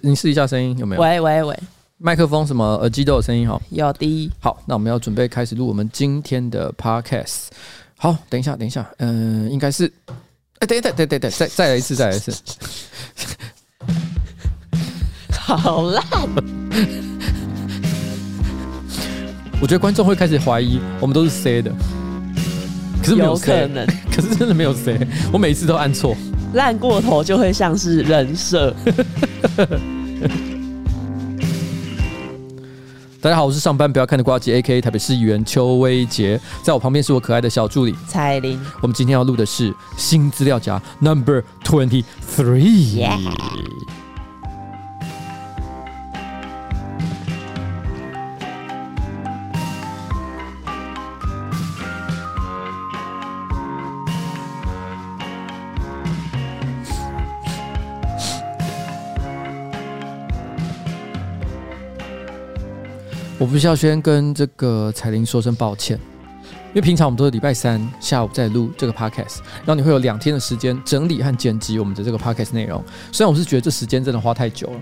你試一下聲音有沒有？喂喂喂，麥克風什麼？呃，耳機都有聲音哈。有的。好，那我們要準備開始錄我們今天的 podcast。好，等一下，等一下，嗯、呃，應該是，哎、欸，等一等，等，等，等，再再來一次，再來一次。好啦， 我覺得觀眾會開始懷疑我們都是塞的，可是沒有塞，可能，可是真的沒有塞，我每一次都按錯。爛過頭就會像是人設。 大家好，我是上班不要看的呱吉 AKA 台北市議員邱威杰，在我旁邊是我可愛的小助理彩琳。我們今天要錄的是新資料夾 Number Twenty Three。Yeah. 我必須要先跟這個彩鈴說聲抱歉，因為平常我們都是禮拜三下午在錄這個 podcast，然後你會有兩天的時間整理和剪輯我們的這個 podcast 內容。雖然我是覺得這時間真的花太久了，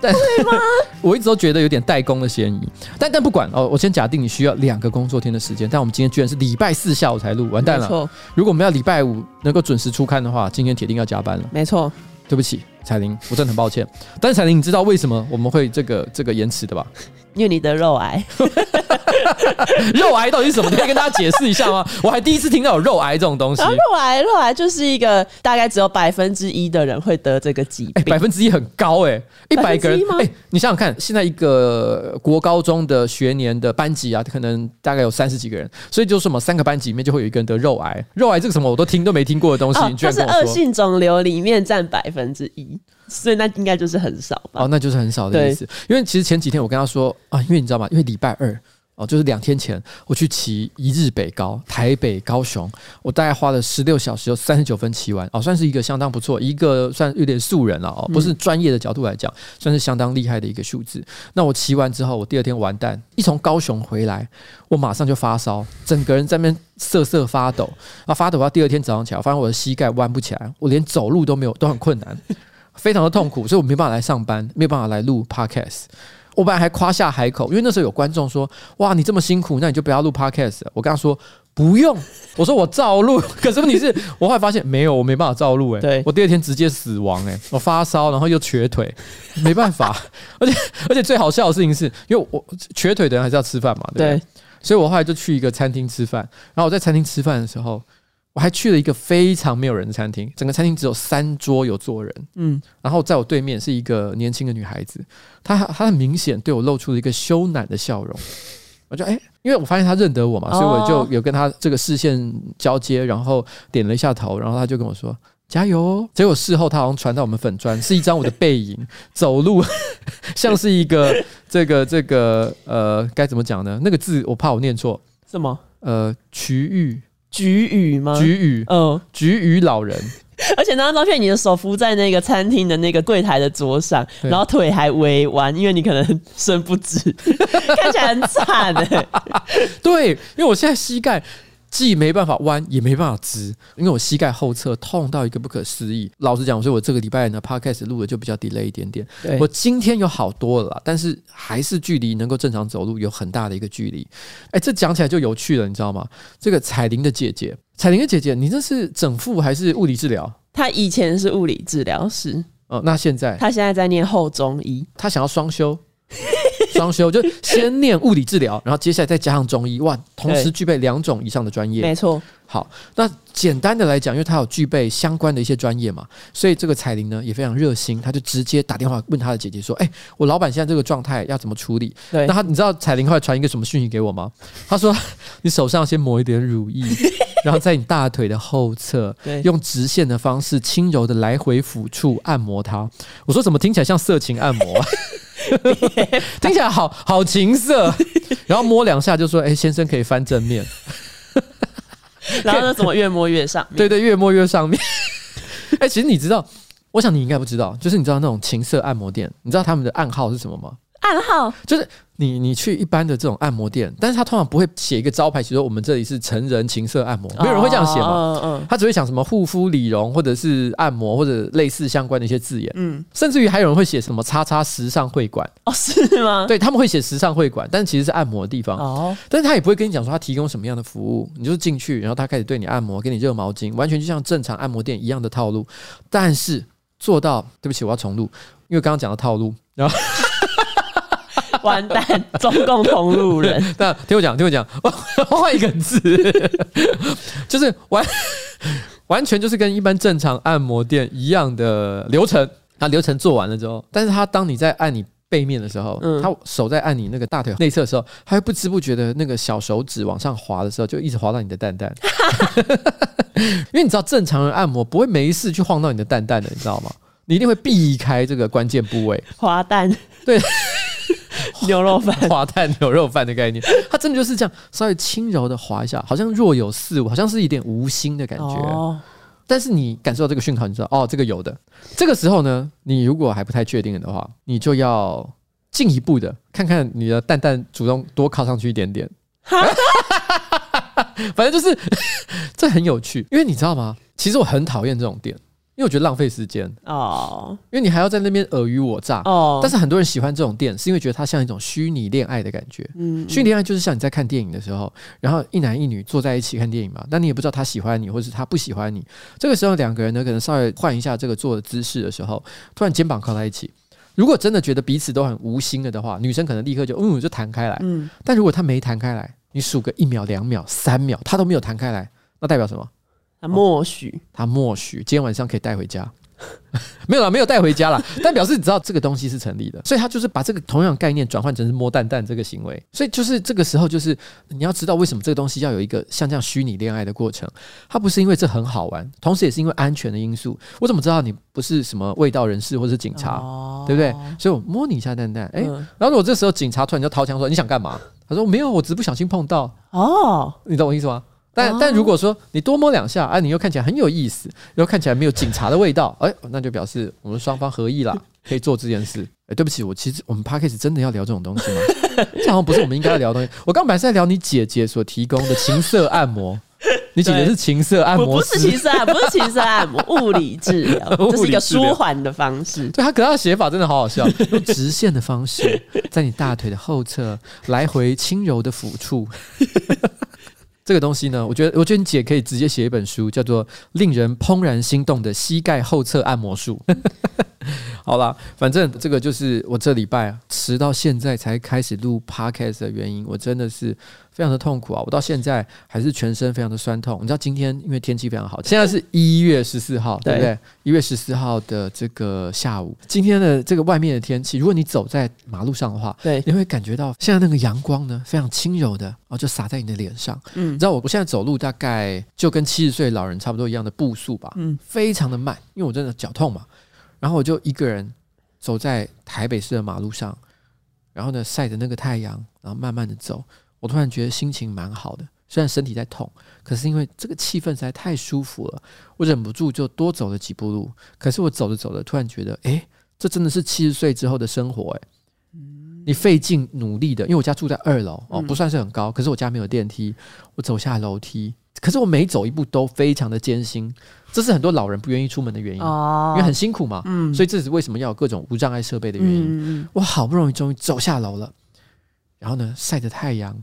但對嗎？ 我一直都覺得有點代工的嫌疑，但但不管哦，我先假定你需要兩個工作天的時間，但我們今天居然是禮拜四下午才錄，完蛋了！沒錯！如果我們要禮拜五能夠準時出刊的話，今天鐵定要加班了。沒錯，對不起，彩鈴，我真的很抱歉。 但是彩鈴，你知道為什麼我們會這個這個延遲的吧？因為你得肉癌， 肉癌到底是什麼？你可以跟大家解釋一下嗎？ 我還第一次聽到有肉癌這種東西。肉癌，肉癌就是一個大概只有百分之一的人會得這個疾病。欸。百分之一很高哎，欸，一百個人，欸，你想想看，現在一個國高中的學年的班級啊，可能大概有三十幾個人，所以就是什麼三個班級裡面就會有一個人得肉癌。肉癌這個什麼我都聽都沒聽過的東西，就，哦，是惡性腫瘤裡面佔百分之一。所以那應該就是很少吧？哦，那就是很少的意思。因為其實前幾天我跟他說啊，因為你知道嗎？因為禮拜二哦，就是兩天前我去騎一日北高，台北高雄，我大概花了十六小時有三十九分騎完，哦，算是一個相當不錯，一個算有點素人了哦，不是專業的角度來講，嗯，算是相當厲害的一個數字。那我騎完之後，我第二天完蛋，一從高雄回來，我馬上就發燒，整個人在那邊瑟瑟發抖啊，發抖到第二天早上起來，我發現我的膝蓋彎不起來，我連走路都沒有都很困難。 非常的痛苦，所以我沒辦法來上班，沒有辦法來錄 Podcast。我本來還誇下海口，因為那時候有觀眾說：“哇，你這麼辛苦，那你就不要錄 Podcast 了。”我跟他說：“不用。”我說：“我照錄。”可是問題是，我後來發現沒有，我沒辦法照錄、欸。哎，我第二天直接死亡、欸，誒，我發燒，然後又瘸腿，沒辦法。 而且而且最好笑的事情是，因為我瘸腿的人還是要吃飯嘛，對不對，對？所以我後來就去一個餐廳吃飯。然後我在餐廳吃飯的時候。我還去了一個非常沒有人的餐廳，整個餐廳只有三桌有坐人。嗯，然後在我對面是一個年輕的女孩子，她她很明顯對我露出了一個羞赧的笑容。我就哎、欸，因為我發現她認得我嘛，所以我就有跟她這個視線交接，然後點了一下頭，然後她就跟我說加油、哦。結果事後她好像傳到我們粉專，是一張我的背影 走路，像是一個這個這個呃，該怎麼講呢？那個字我怕我念錯，是嗎？呃，踽踽。菊雨嗎？菊雨，嗯、哦，菊雨老人。而且那張照片，你的手扶在那個餐廳的那個櫃檯的桌上，然後腿還微彎，因為你可能伸不直， 看起來很慘哎、欸。 對，因為我現在膝蓋，既沒辦法彎也沒辦法直，因為我膝蓋後側痛到一個不可思議。老實講，所以我這個禮拜呢，Podcast 錄的就比較 delay 一點點。我今天有好多了啦，但是還是距離能夠正常走路有很大的一個距離。哎、欸，這講起來就有趣了，你知道嗎？這個彩玲的姐姐，彩玲的姐姐，你這是整復還是物理治療？她以前是物理治療師哦、嗯，那現在她現在在念後中醫，她想要雙修。 雙修就先念物理治療， 然後接下來再加上中醫，哇，同時具備兩種以上的專業，沒錯。好，那簡單的來講，因為他有具備相關的一些專業嘛，所以這個彩玲呢也非常熱心，他就直接打電話問他的姐姐說：“哎、欸，我老板現在這個狀態要怎麼處理？”對，那他你知道彩玲後來傳一個什麼訊息給我嗎？他說：“你手上先抹一點乳液， 然後在你大腿的後側，對用直線的方式輕柔的來回撫觸按摩它。”我說：“怎麼聽起來像色情按摩、啊？” 聽起來好好情色，然後摸兩下就說：“哎、欸，先生可以翻正面。 ”然後呢，怎麼越摸越上面？對，對對，越摸越上面。哎、 欸，其實你知道，我想你應該不知道，就是你知道那種情色按摩店，你知道他們的暗號是什麼嗎？很好，就是你你去一般的這種按摩店，但是他通常不會寫一個招牌，其實說我們這裡是成人情色按摩，沒有人會這樣寫嘛，哦，他只會講什麼護膚理容或者是按摩，或者類似相關的一些字眼，嗯，甚至於還有人會寫什麼叉叉時尚會館，哦，是嗎？對，他們會寫時尚會館，但其實是按摩的地方，哦，但是他也不會跟你講說他提供什麼樣的服務，你就進去，然後他開始對你按摩，給你熱毛巾，完全就像正常按摩店一樣的套路，但是做到對不起，我要重錄，因為剛剛講的套路，然後。 完蛋！中共同路人。那 聽我講，聽我講，換一個字，就是完完全就是跟一般正常按摩店一樣的流程。它流程做完了之後，但是他當你在按你背面的時候，他手在按你那個大腿內側的時候，他會不知不覺的，那個小手指往上滑的時候，就一直滑到你的蛋蛋。 因為你知道，正常人按摩不會沒事去晃到你的蛋蛋的，你知道嗎？你一定會避開這個關鍵部位。滑蛋，對。 牛肉飯，滑蛋牛肉飯的概念，它真的就是這樣，稍微輕柔的滑一下，好像若有似無，好像是一點無心的感覺。哦、但是你感受到這個訊號，你知道哦，這個有的。這個時候呢，你如果還不太確定的話，你就要進一步的看看你的蛋蛋主動多靠上去一點點。欸、 反正就是呵呵這很有趣，因為你知道嗎？其實我很討厭這種店。因為我覺得浪費時間哦，oh. 因為你還要在那邊爾虞我詐哦。Oh. 但是很多人喜歡這種店，是因為覺得它像一種虛擬戀愛的感覺。嗯，嗯，虛擬戀愛就是像你在看電影的時候，然後一男一女坐在一起看電影嘛。但你也不知道他喜歡你，或是他不喜歡你。這個時候兩個人呢，可能稍微換一下這個坐的姿勢的時候，突然肩膀靠在一起。如果真的覺得彼此都很無心了的話，女生可能立刻就嗯，嗯就彈開來，嗯。但如果他沒彈開來，你數個一秒、兩秒、三秒，他都沒有彈開來，那代表什麼？他默許、哦，他默許，今天晚上可以帶回家， 沒有了，沒有帶回家了， 但表示你知道這個東西是成立的，所以他就是把這個同樣概念轉換成是摸蛋蛋這個行為，所以就是這個時候，就是你要知道為什麼這個東西要有一個像這樣虛擬戀愛的過程，它不是因為這很好玩，同時也是因為安全的因素，我怎麼知道你不是什麼衛道人士或者警察、哦，對不對？所以我摸你一下蛋蛋，哎、嗯，然後我這時候警察突然就掏槍說你想幹嘛？他說沒有，我只是不小心碰到，哦，你懂我意思嗎？但但如果說你多摸兩下，哎、啊，你又看起來很有意思，然後看起來沒有警察的味道，哎、欸，那就表示我們雙方合意了，可以做這件事。哎、欸，對不起，我其實我們 Podcast 真的要聊這種東西嗎？這好像不是我們應該要聊的東西。我剛，剛本來是在聊你姐姐所提供的情色按摩，你姐姐是情色、色按摩，不是情色按摩，不是情色按摩，物理治療，這是一個舒緩的方式。對他，格他的寫法真的好好笑，用直線的方式在你大腿的後側來回輕柔的撫觸。這個東西呢，我覺得，我覺得你姐可以直接寫一本書，叫做《令人怦然心動的膝蓋後側按摩術》。 好了，反正這個就是我這禮拜直到現在才開始錄 Podcast 的原因。我真的是非常的痛苦啊！我到現在還是全身非常的痠痛。你知道今天因為天氣非常好，現在是一月十四號對，對不對？一月十四號的這個下午，今天的這個外面的天氣，如果你走在馬路上的話，對，你會感覺到現在那個陽光呢非常輕柔的啊、哦，就灑在你的臉上。嗯，你知道我我現在走路大概就跟七十歲老人差不多一樣的步速吧？嗯，非常的慢，因為我真的腳痛嘛。然後我就一個人走在台北市的馬路上，然後呢，曬着那個太陽，然後慢慢的走。我突然覺得心情蠻好的，雖然身體在痛，可是因為這個氣氛實在太舒服了，我忍不住就多走了幾步路。可是我走着走着，突然覺得，誒，這真的是七十歲之後的生活誒，你費勁努力的，因為我家住在二樓哦，不算是很高，可是我家沒有電梯，我走下樓梯，可是我每走一步都非常的艱辛。這是很多老人不願意出門的原因，哦、因為很辛苦嘛、嗯，所以這是為什麼要有各種無障礙設備的原因、嗯。我好不容易終於走下樓了，然後呢，曬着太陽，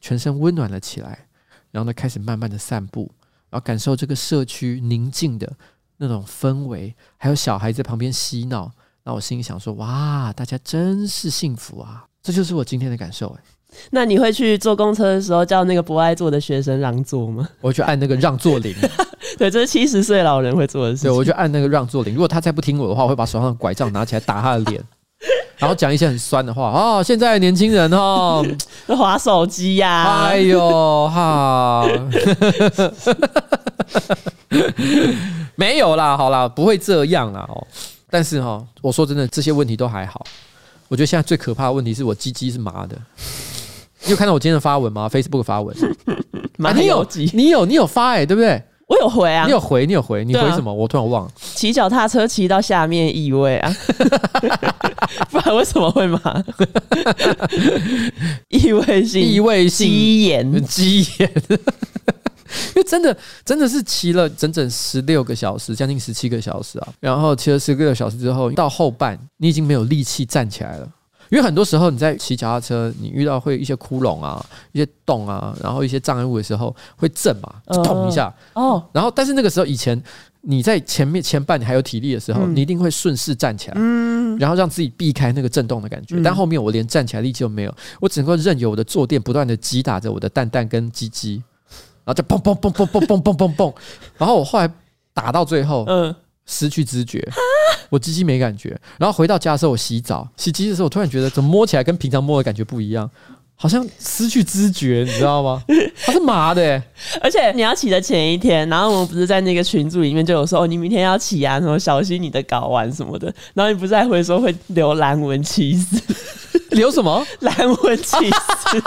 全身溫暖了起來，然後呢，開始慢慢的散步，然後感受這個社區寧靜的那種氛圍，還有小孩在旁邊嬉鬧，那我心裡想說，哇，大家真是幸福啊！這就是我今天的感受耶。那你會去坐公車的時候叫那個不愛坐的學生讓座嗎？我去按那個讓座鈴， 對，這、就是七十歲老人會做的事情。對，我就按那個讓座鈴。如果他再不聽我的話，我會把手上的拐杖拿起來打他的臉， 然後講一些很酸的話。哦，現在的年輕人哦， 滑手機呀、啊，哎呦哈， 沒有啦，好啦，不會這樣啦。哦，但是哈、哦，我說真的，這些問題都還好。我覺得現在最可怕的問題是我雞雞是麻的。你有看到我今天的發文嗎？Facebook 發文，哎、你有你有你有發誒、欸、對不對？我有回啊，你有回，你有回，你回什麼？啊、我突然忘了。騎腳踏車騎到下面異味啊，不 然 為什麼會嘛？異 味性異味性雞眼，雞眼。 因為真的真的是騎了整整十六個小時，將近十七個小時啊。然後騎了十六個小時之後，到後半你已經沒有力氣站起來了。因為很多時候你在騎腳踏車，你遇到會一些窟窿啊、一些洞啊，然後一些障礙物的時候會震嘛，就捅一下、呃、哦。然後，但是那個時候以前你在前面前半你還有體力的時候，你一定會順勢站起來，嗯，然後讓自己避開那個震動的感覺，嗯。但後面我連站起來力氣都沒有，我只能夠任由我的坐墊不斷地擊打着我的蛋蛋跟雞雞，然後就砰砰砰砰砰砰砰砰砰砰砰，然後我後來打到最後，呃，失去知覺。我雞雞沒感覺，然後回到家的時候，我洗澡，洗雞的時候，我突然覺得怎麼摸起來跟平常摸的感覺不一樣。好像失去知覺，你知道嗎？他、 啊、是麻的、欸，而且你要起的前一天，然後我們不是在那個群組裡面就有說哦，你明天要起啊，什麼小心你的睾丸什麼的，然後你不是還會說會留藍紋起司，留什麼藍紋起司？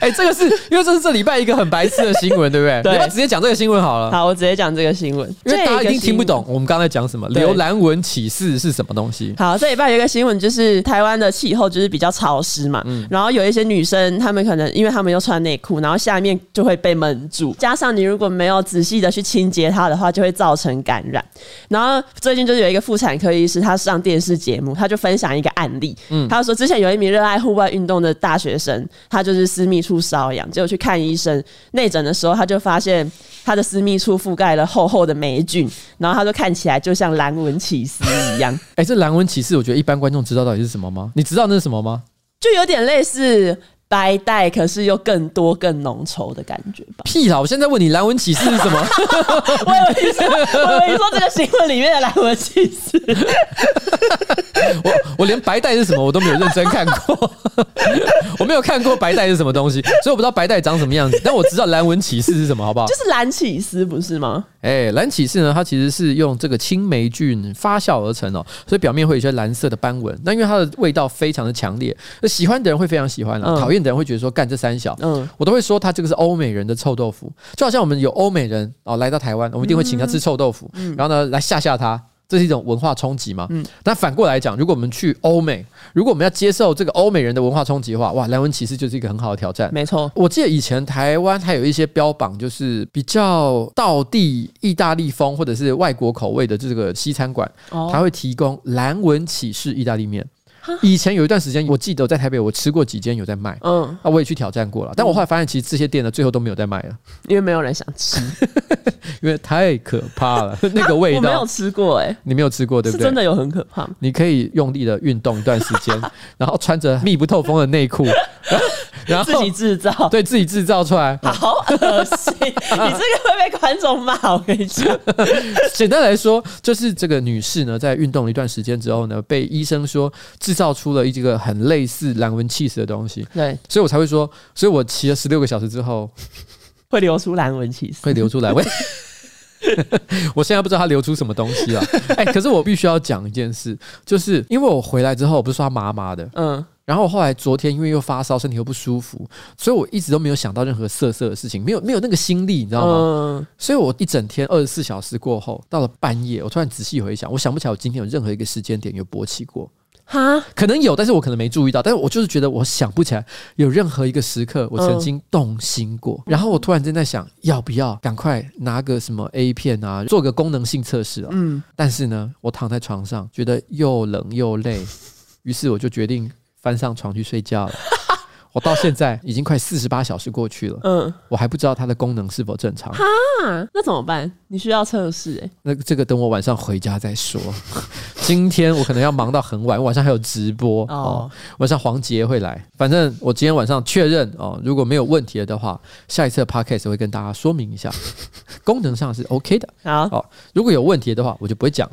哎、 欸，這個是因為這是這禮拜一個很白痴的新聞，對不對？對，你要不要直接講這個新聞好了。好，我直接講這個新聞，因為大家一定聽不懂我們剛才講什麼。留藍紋起司是什麼東西？好，這禮拜有一個新聞就是台灣的氣候。就是比較潮濕嘛、嗯，然後有一些女生，她們可能，因為她們要穿內褲，然後下面就會被悶住，加上你如果沒有仔細的去清潔它的話，就會造成感染。然後最近就有一個婦產科醫師，他上電視節目，他就分享一個案例，他說之前有一名熱愛戶外運動的大學生，他就是私密處瘙癢，結果去看醫生內診的時候，他就發現他的私密處覆蓋了厚厚的黴菌，然後他就看起來就像藍紋起司一樣、嗯。哎、欸，這藍紋起司我覺得一般觀眾知道到底是什麼嗎？你知道那是？什麼嗎？就有點類似白帶，可是又更多更濃稠的感覺吧。屁啦！我現在問你藍紋起司是什麼？ 我以為是說這個新聞裡面的藍紋起司， 我我連白帶是什麼我都沒有認真看過， 我沒有看過白帶是什麼東西，所以我不知道白帶長什麼樣子。但我知道藍紋起司是什麼，好不好？就是藍起司不是嗎？哎、欸，藍起司呢？它其實是用這個青黴菌發酵而成哦，所以表面會有一些藍色的斑紋。那因為它的味道非常的強烈，喜歡的人會非常喜歡了、啊，討厭的人會覺得說幹這三小，嗯，我都會說它這個是歐美人的臭豆腐，就好像我們有歐美人哦來到台灣，我們一定會請他吃臭豆腐，嗯、然後呢來嚇嚇他。這是一種文化衝擊嘛。嗯，但反過來講，如果我們去歐美，如果我們要接受這個歐美人的文化衝擊的話，哇，藍紋起司就是一個很好的挑戰。沒錯，我記得以前台灣還有一些標榜就是比較道地意大利風或者是外國口味的這個西餐館，哦，它會提供藍紋起司意大利麵。以前有一段時間，我記得我在台北，我吃過幾間有在賣。嗯，啊，我也去挑戰過了，但我後來發現，其實這些店呢，最後都沒有在賣了，因為沒有人想吃， 因為太可怕了，啊、那個味道。我沒有吃過哎、欸，你沒有吃過對不對？真的有很可怕。你可以用力的運動一段時間， 然後穿着密不透風的內褲， 然後自己製造，對自己製造出來。啊、好噁心， 你這個會被觀眾罵。我跟你講， 簡單來說，就是這個女士呢，在運動一段時間之後呢，被醫生說造出了一這個很類似藍紋起司的東西，對，所以我才會說，所以我騎了十六個小時之後，會流出藍紋起司，會流出藍紋餵， 我現在不知道它流出什麼東西了。哎、 欸，可是我必須要講一件事，就是因為我回來之後，我不是說他麻麻的，嗯，然後後來昨天因為又發燒，身體又不舒服，所以我一直都沒有想到任何色色的事情，沒有沒有那個心力，你知道嗎？嗯、所以我一整天二十四小時過後，到了半夜，我突然仔細回想，我想不起來我今天有任何一個時間點有勃起過。哈，可能有，但是我可能沒注意到，但是我就是覺得我想不起來有任何一個時刻我曾經動心過，嗯、然後我突然間在想，要不要趕快拿個什麼 A 片啊，做個功能性測試了，嗯，但是呢，我躺在床上覺得又冷又累，於是我就決定翻上床去睡覺了， 我到現在已經快四十八小時過去了，嗯，我還不知道它的功能是否正常，哈，那怎麼辦？你需要測試哎，那這個等我晚上回家再說。 今天我可能要忙到很晚，晚上還有直播哦，哦。晚上黃杰會來，反正我今天晚上確認哦。如果沒有問題了的話，下一次的 podcast 會跟大家說明一下，功能上是 OK 的。好，哦、如果有問題的話，我就不會講。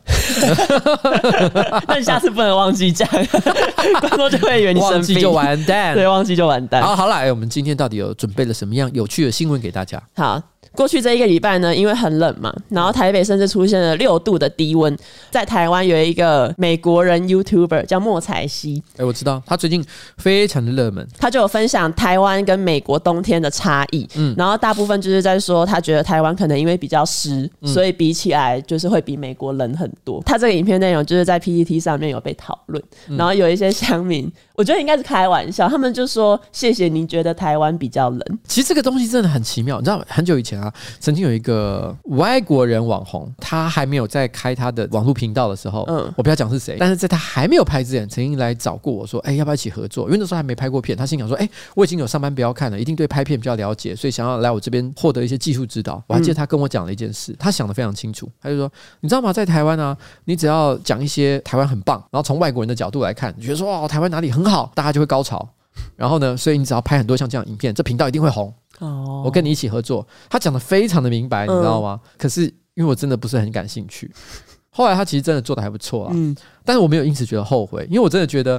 那 你 下次不能忘記講，不 然就會以為你生病就完蛋。對，忘記就完蛋。好，好啦，哎、欸，我們今天到底有準備了什麼樣有趣的新聞給大家？好。過去這一個禮拜呢，因為很冷嘛，然後台北甚至出現了六度的低溫。在台灣有一個美國人 YouTuber 叫莫彩希，誒、欸、我知道他最近非常的熱門，他就有分享台灣跟美國冬天的差異。嗯，然後大部分就是在說，他覺得台灣可能因為比較濕、嗯，所以比起來就是會比美國冷很多。他這個影片內容就是在 PPT 上面有被討論，然後有一些鄉民。嗯我覺得應該是開玩笑，他們就說：“謝謝您，覺得台灣比較冷。”其實這個東西真的很奇妙。你知道，很久以前啊，曾經有一個外國人網紅，他還沒有在開他的網絡頻道的時候，嗯，我不要講是誰。但是在他還沒有拍之前，曾經來找過我說：“哎、欸，要不要一起合作？”因為那時候還沒拍過片，他心想說：“哎、欸，我已經有上班不要看了，一定對拍片比較了解，所以想要來我這邊獲得一些技術指導。”我還記得他跟我講了一件事，他想得非常清楚，他就說：“你知道嗎？在台灣啊，你只要講一些台灣很棒，然後從外國人的角度來看，你覺得說哦，台灣哪裡很好。”好，大家就會高潮。然後呢，所以你只要拍很多像這樣影片，這頻道一定會紅。Oh. 我跟你一起合作，他講得非常的明白，你知道嗎？Uh. 可是因為我真的不是很感興趣。後來他其實真的做得還不錯啊、嗯，但是我沒有因此覺得後悔，因為我真的覺得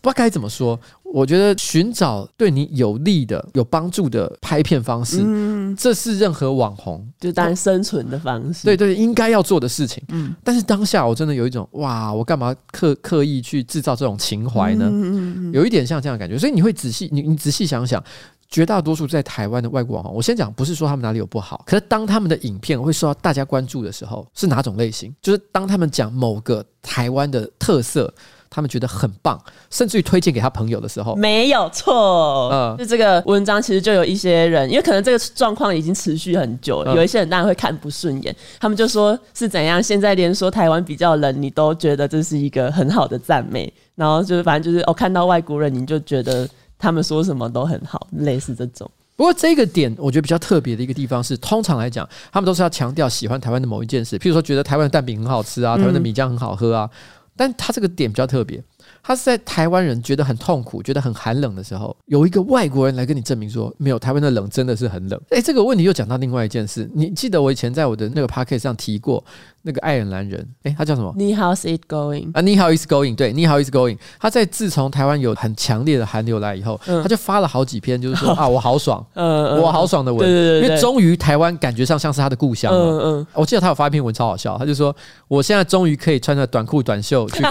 不知道該怎麼說，我覺得尋找對你有利的、有幫助的拍片方式，嗯、這是任何網紅就當然生存的方式，對對，應該要做的事情。嗯，但是當下我真的有一種哇，我幹嘛刻刻意去製造這種情懷呢？嗯嗯，有一點像這樣的感覺，所以你會仔細你你仔細想想。絕大多數在台灣的外國網紅，我先講，不是說他們哪裡有不好，可是當他們的影片會受到大家關注的時候，是哪種類型？就是當他們講某個台灣的特色，他們覺得很棒，甚至於推薦給他朋友的時候，沒有錯。嗯、呃，就這個文章其實就有一些人，因為可能這個狀況已經持續很久，呃、有一些人當然會看不順眼，他們就說是怎樣，現在連說台灣比較冷，你都覺得這是一個很好的讚美，然後就是反正就是哦，看到外國人你就覺得。他們說什麼都很好，類似這種。不過這個點我覺得比較特別的一個地方是，通常來講，他們都是要強調喜歡台灣的某一件事，譬如說覺得台灣的蛋餅很好吃啊，台灣的米漿很好喝啊。嗯。但他這個點比較特別。他是在台灣人覺得很痛苦、覺得很寒冷的時候，有一個外國人來跟你證明說，沒有台灣的冷真的是很冷。誒、欸，這個問題又講到另外一件事。你記得我以前在我的那個 podcast 上提過那個愛爾蘭人，誒、欸，他叫什麼？你好，is it going？啊，你好，is going？對，你好，is going？他在自從台灣有很強烈的寒流來以後，嗯、他就發了好幾篇，就是說、哦、啊，我好爽、嗯嗯，我好爽的文，嗯嗯、因為終於台灣感覺上像，像是他的故鄉。嗯嗯，我記得他有發一篇文超好笑，他就說我現在終於可以穿着短褲短袖去。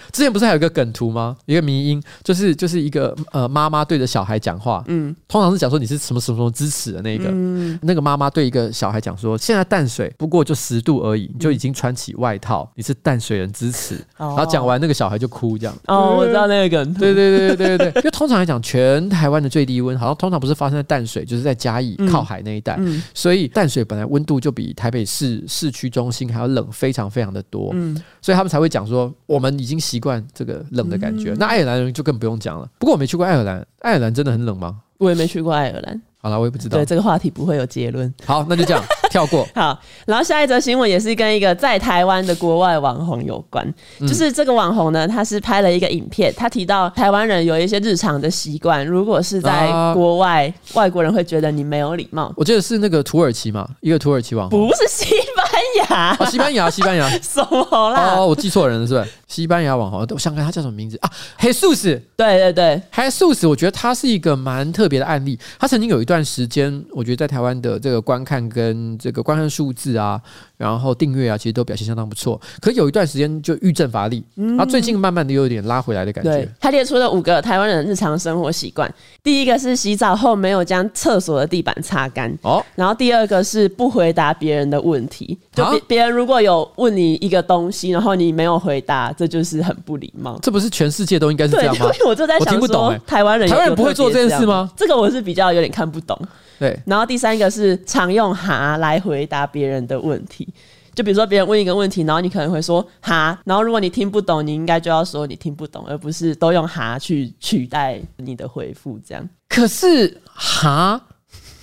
之前不是還有一個梗圖嗎？一個迷因，就是就是一個呃媽媽對着小孩講話，嗯，通常是講說你是什麼什麼什麼之恥的那個，嗯、那個媽媽對一個小孩講說，現在淡水不過就十度而已，你就已經穿起外套，嗯、你是淡水人之恥。嗯、然後講完那個小孩就哭，這樣哦、嗯。哦，我知道那個梗。對對對對對對， 因為通常來講，全台灣的最低溫好像通常不是發生在淡水，就是在嘉義靠海那一帶、嗯嗯，所以淡水本來溫度就比台北市市區中心還要冷，非常非常的多。嗯，所以他們才會講說，我們已經習。慣這個冷的感覺，那愛爾蘭人就更不用講了。不過我沒去過愛爾蘭，愛爾蘭真的很冷嗎？我也沒去過愛爾蘭。好了，我也不知道。對這個話題不會有結論。好，那就這樣 跳過。好，然後下一則新聞也是跟一個在台灣的國外網紅有關、嗯，就是這個網紅呢，他是拍了一個影片，他提到台灣人有一些日常的習慣，如果是在國外、啊，外國人會覺得你沒有禮貌。我記得是那個土耳其嘛，一個土耳其網紅，不是西。西班牙 西班牙，西班牙什麼啦！哦，我記錯人了，是不是？西班牙網紅，我想看他叫什麼名字啊？黑素斯，對對對，黑素斯，我覺得他是一個蠻特別的案例。他曾經有一段時間，我覺得在台灣的這個觀看跟這個觀看數字啊，然後訂閱啊，其實都表現相當不錯。可有一段時間就欲振乏力、嗯，然後最近慢慢的又有點拉回來的感覺。他列出了五個台灣人日常生活習慣，第一個是洗澡後沒有將廁所的地板擦乾。哦，然後第二個是不回答別人的問題，就別、啊、別人如果有問你一個東西，然後你沒有回答，這就是很不禮貌。這不是全世界都應該是這樣嗎？我就在想，我聽不懂、欸、台灣人，台灣人不會做這件、這、這件事嗎？這個我是比較有點看不懂。對，然後第三個是常用“蛤”來回答別人的問題，就比如說別人問一個問題，然後你可能會說“蛤”，然後如果你聽不懂，你應該就要說你聽不懂，而不是都用“蛤”去取代你的回復。這樣，可是“蛤”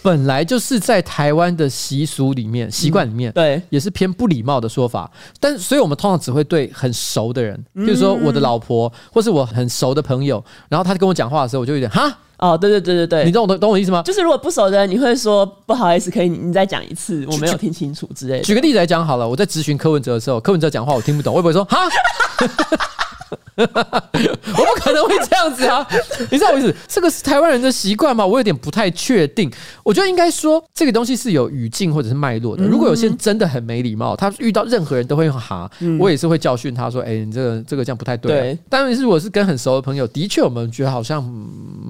本來就是在台灣的習俗裡面、習慣裡面、嗯，對，也是偏不禮貌的說法。但所以我們通常只會對很熟的人，比如說我的老婆，嗯嗯嗯，或是我很熟的朋友，然後他跟我講話的時候，我就有點“蛤”。哦，對對對對對，你懂我懂我的意思嗎？就是如果不熟的人，你會說不好意思，可以你再講一次，我沒有聽清楚之類的。舉個例子來講好了，我在質詢柯文哲的時候，柯文哲講話我聽不懂，我不會說蛤？哈哈哈。 我不可能會這樣子啊！你知道我意思？這個是台灣人的習慣嗎？我有點不太確定。我覺得應該說這個東西是有語境或者是脈絡的。如果有些人真的很沒禮貌，他遇到任何人都會用蛤，我也是會教訓他說：“哎，你這個這個這樣不太對啊。”但是如果是跟很熟的朋友，的確我們覺得好像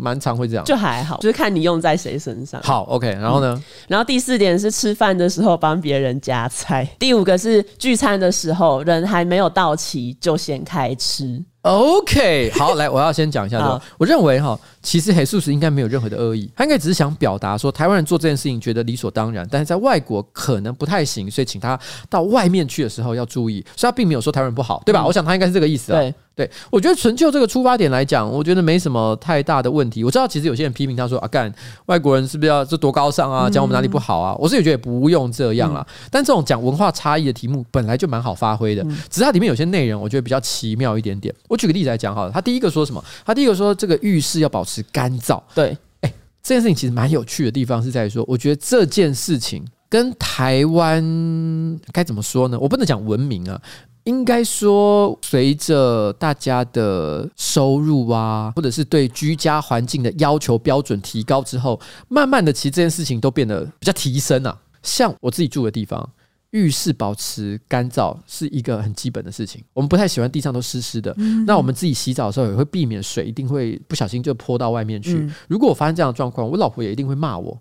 蠻常會這樣，就還好，就是看你用在誰身上好。好，OK。然後呢、嗯？然後第四點是吃飯的時候幫別人夾菜。第五個是聚餐的時候人還沒有到齊就先開吃。 O.K. 好，來，我要先講一下。我認為哈，其實黑素是應該沒有任何的惡意，他應該只是想表達說，台灣人做這件事情覺得理所當然，但是在外國可能不太行，所以請他到外面去的時候要注意。所以他並沒有說台灣人不好，對吧？嗯，我想他應該是這個意思對，我覺得純就這個出發點來講，我覺得沒什麼太大的問題。我知道其實有些人批評他說啊，干外國人是不是要這多高尚啊，講我們哪裡不好啊？嗯、我自己覺得也不用這樣啦、啊嗯。但這種講文化差異的題目本來就蠻好發揮的，嗯、只是它裡面有些內容我覺得比較奇妙一點點。我舉個例子來講好了，他第一個說什麼？他第一個說這個浴室要保持乾燥。對，哎，這件事情其實蠻有趣的地方是在於說，我覺得這件事情跟台灣該怎麼說呢？我不能講文明啊。應該說，隨着大家的收入啊，或者是對居家環境的要求標準提高之後，慢慢的，其實這件事情都變得比較提升啊。像我自己住的地方，浴室保持乾燥是一個很基本的事情。我們不太喜歡地上都濕濕的。嗯、那我們自己洗澡的時候也會避免水一定會不小心就潑到外面去。嗯、如果我發現這樣的狀況，我老婆也一定會罵我。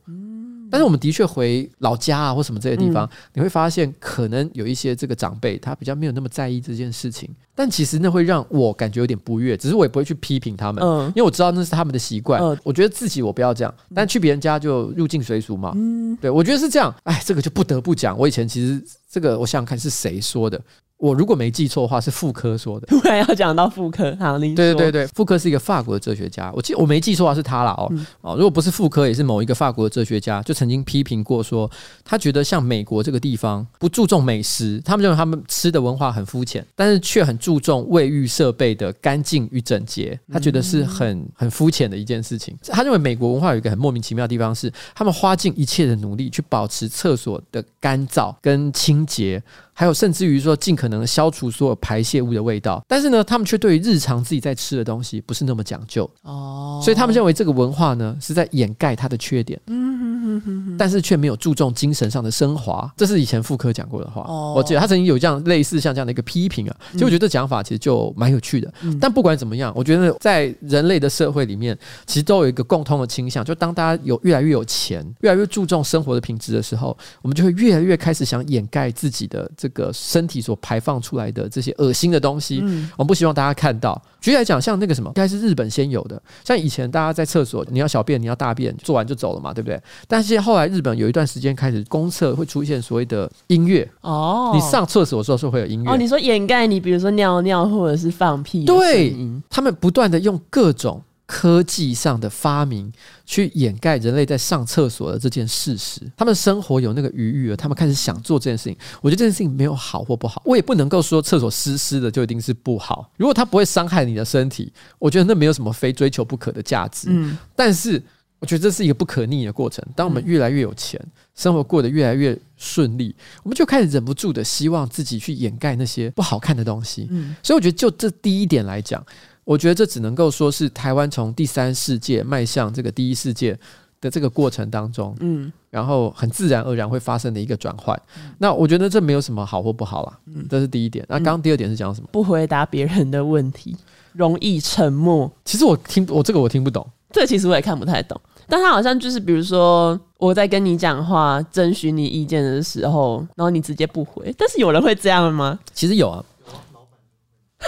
但是我們的確回老家啊，或什麼這些地方，嗯、你會發現可能有一些這個長輩，他比較沒有那麼在意這件事情。但其實那會讓我感覺有點不悅，只是我也不會去批評他們，嗯、因為我知道那是他們的習慣、嗯。我覺得自己我不要這樣，但去別人家就入境隨俗嘛。嗯、對，我覺得是這樣。哎，這個就不得不講，我以前其實這個我想想看是誰說的。我如果沒記錯的話，是傅柯說的。突然要講到傅柯，好，你說。對對對對，傅柯是一個法國的哲學家，我記我沒記錯啊，是他了哦、喔。哦、嗯，如果不是傅柯，也是某一個法國的哲學家，就曾經批評過說，他覺得像美國這個地方不注重美食，他們認為他們吃的文化很膚淺，但是卻很注重衛浴設備的乾淨與整潔，他覺得是很很膚淺的一件事情、嗯。他認為美國文化有一個很莫名其妙的地方是，他們花盡一切的努力去保持廁所的乾燥跟清潔，還有甚至於說，盡可能消除所有排洩物的味道，但是呢，他們卻對於日常自己在吃的東西不是那麼講究哦，所以他們認為這個文化呢是在掩蓋它的缺點，嗯哼哼哼哼，但是卻沒有注重精神上的升華，這是以前傅柯講過的話，哦，我記得他曾經有這樣類似像這樣的一個批評啊，其實我覺得這講法其實就蠻有趣的、嗯。但不管怎麼樣，我覺得在人類的社會裡面，其實都有一個共通的傾向，就當大家有越來越有錢，越來越注重生活的品質的時候，我們就會越來越開始想掩蓋自己的這個身體所排洩。放出來的這些噁心的東西，嗯，我們不希望大家看到。舉例來講，像那個什麼，應該是日本先有的。像以前大家在廁所，你要小便，你要大便，做完就走了嘛，對不對？但是後來日本有一段時間開始，公廁會出現所謂的音樂哦，你上廁所的時候是會有音樂哦。你說掩蓋你，比如說尿尿或者是放屁，對他們不斷的用各種。科技上的發明去掩蓋人類在上廁所的這件事實，他們生活有那個餘裕了，他們開始想做這件事情。我覺得這件事情沒有好或不好，我也不能夠說廁所濕濕的就一定是不好。如果它不會傷害你的身體，我覺得那沒有什麼非追求不可的價值，嗯。但是我覺得這是一個不可逆的過程。當我們越來越有錢，嗯，生活過得越來越順利，我們就開始忍不住的希望自己去掩蓋那些不好看的東西，嗯。所以我覺得就這第一點來講。我覺得這只能夠說是台灣從第三世界邁向這個第一世界的這個過程當中，嗯，然後很自然而然會發生的一個轉換。嗯、那我覺得這沒有什麼好或不好啦，嗯，這是第一點。那剛剛第二點是講什麼？嗯、不回答別人的問題，容易沉默。其實我聽我這個我聽不懂，這其實我也看不太懂。但他好像就是，比如說我在跟你講話，徵詢你意見的時候，然後你直接不回。但是有人會這樣嗎？其實有啊。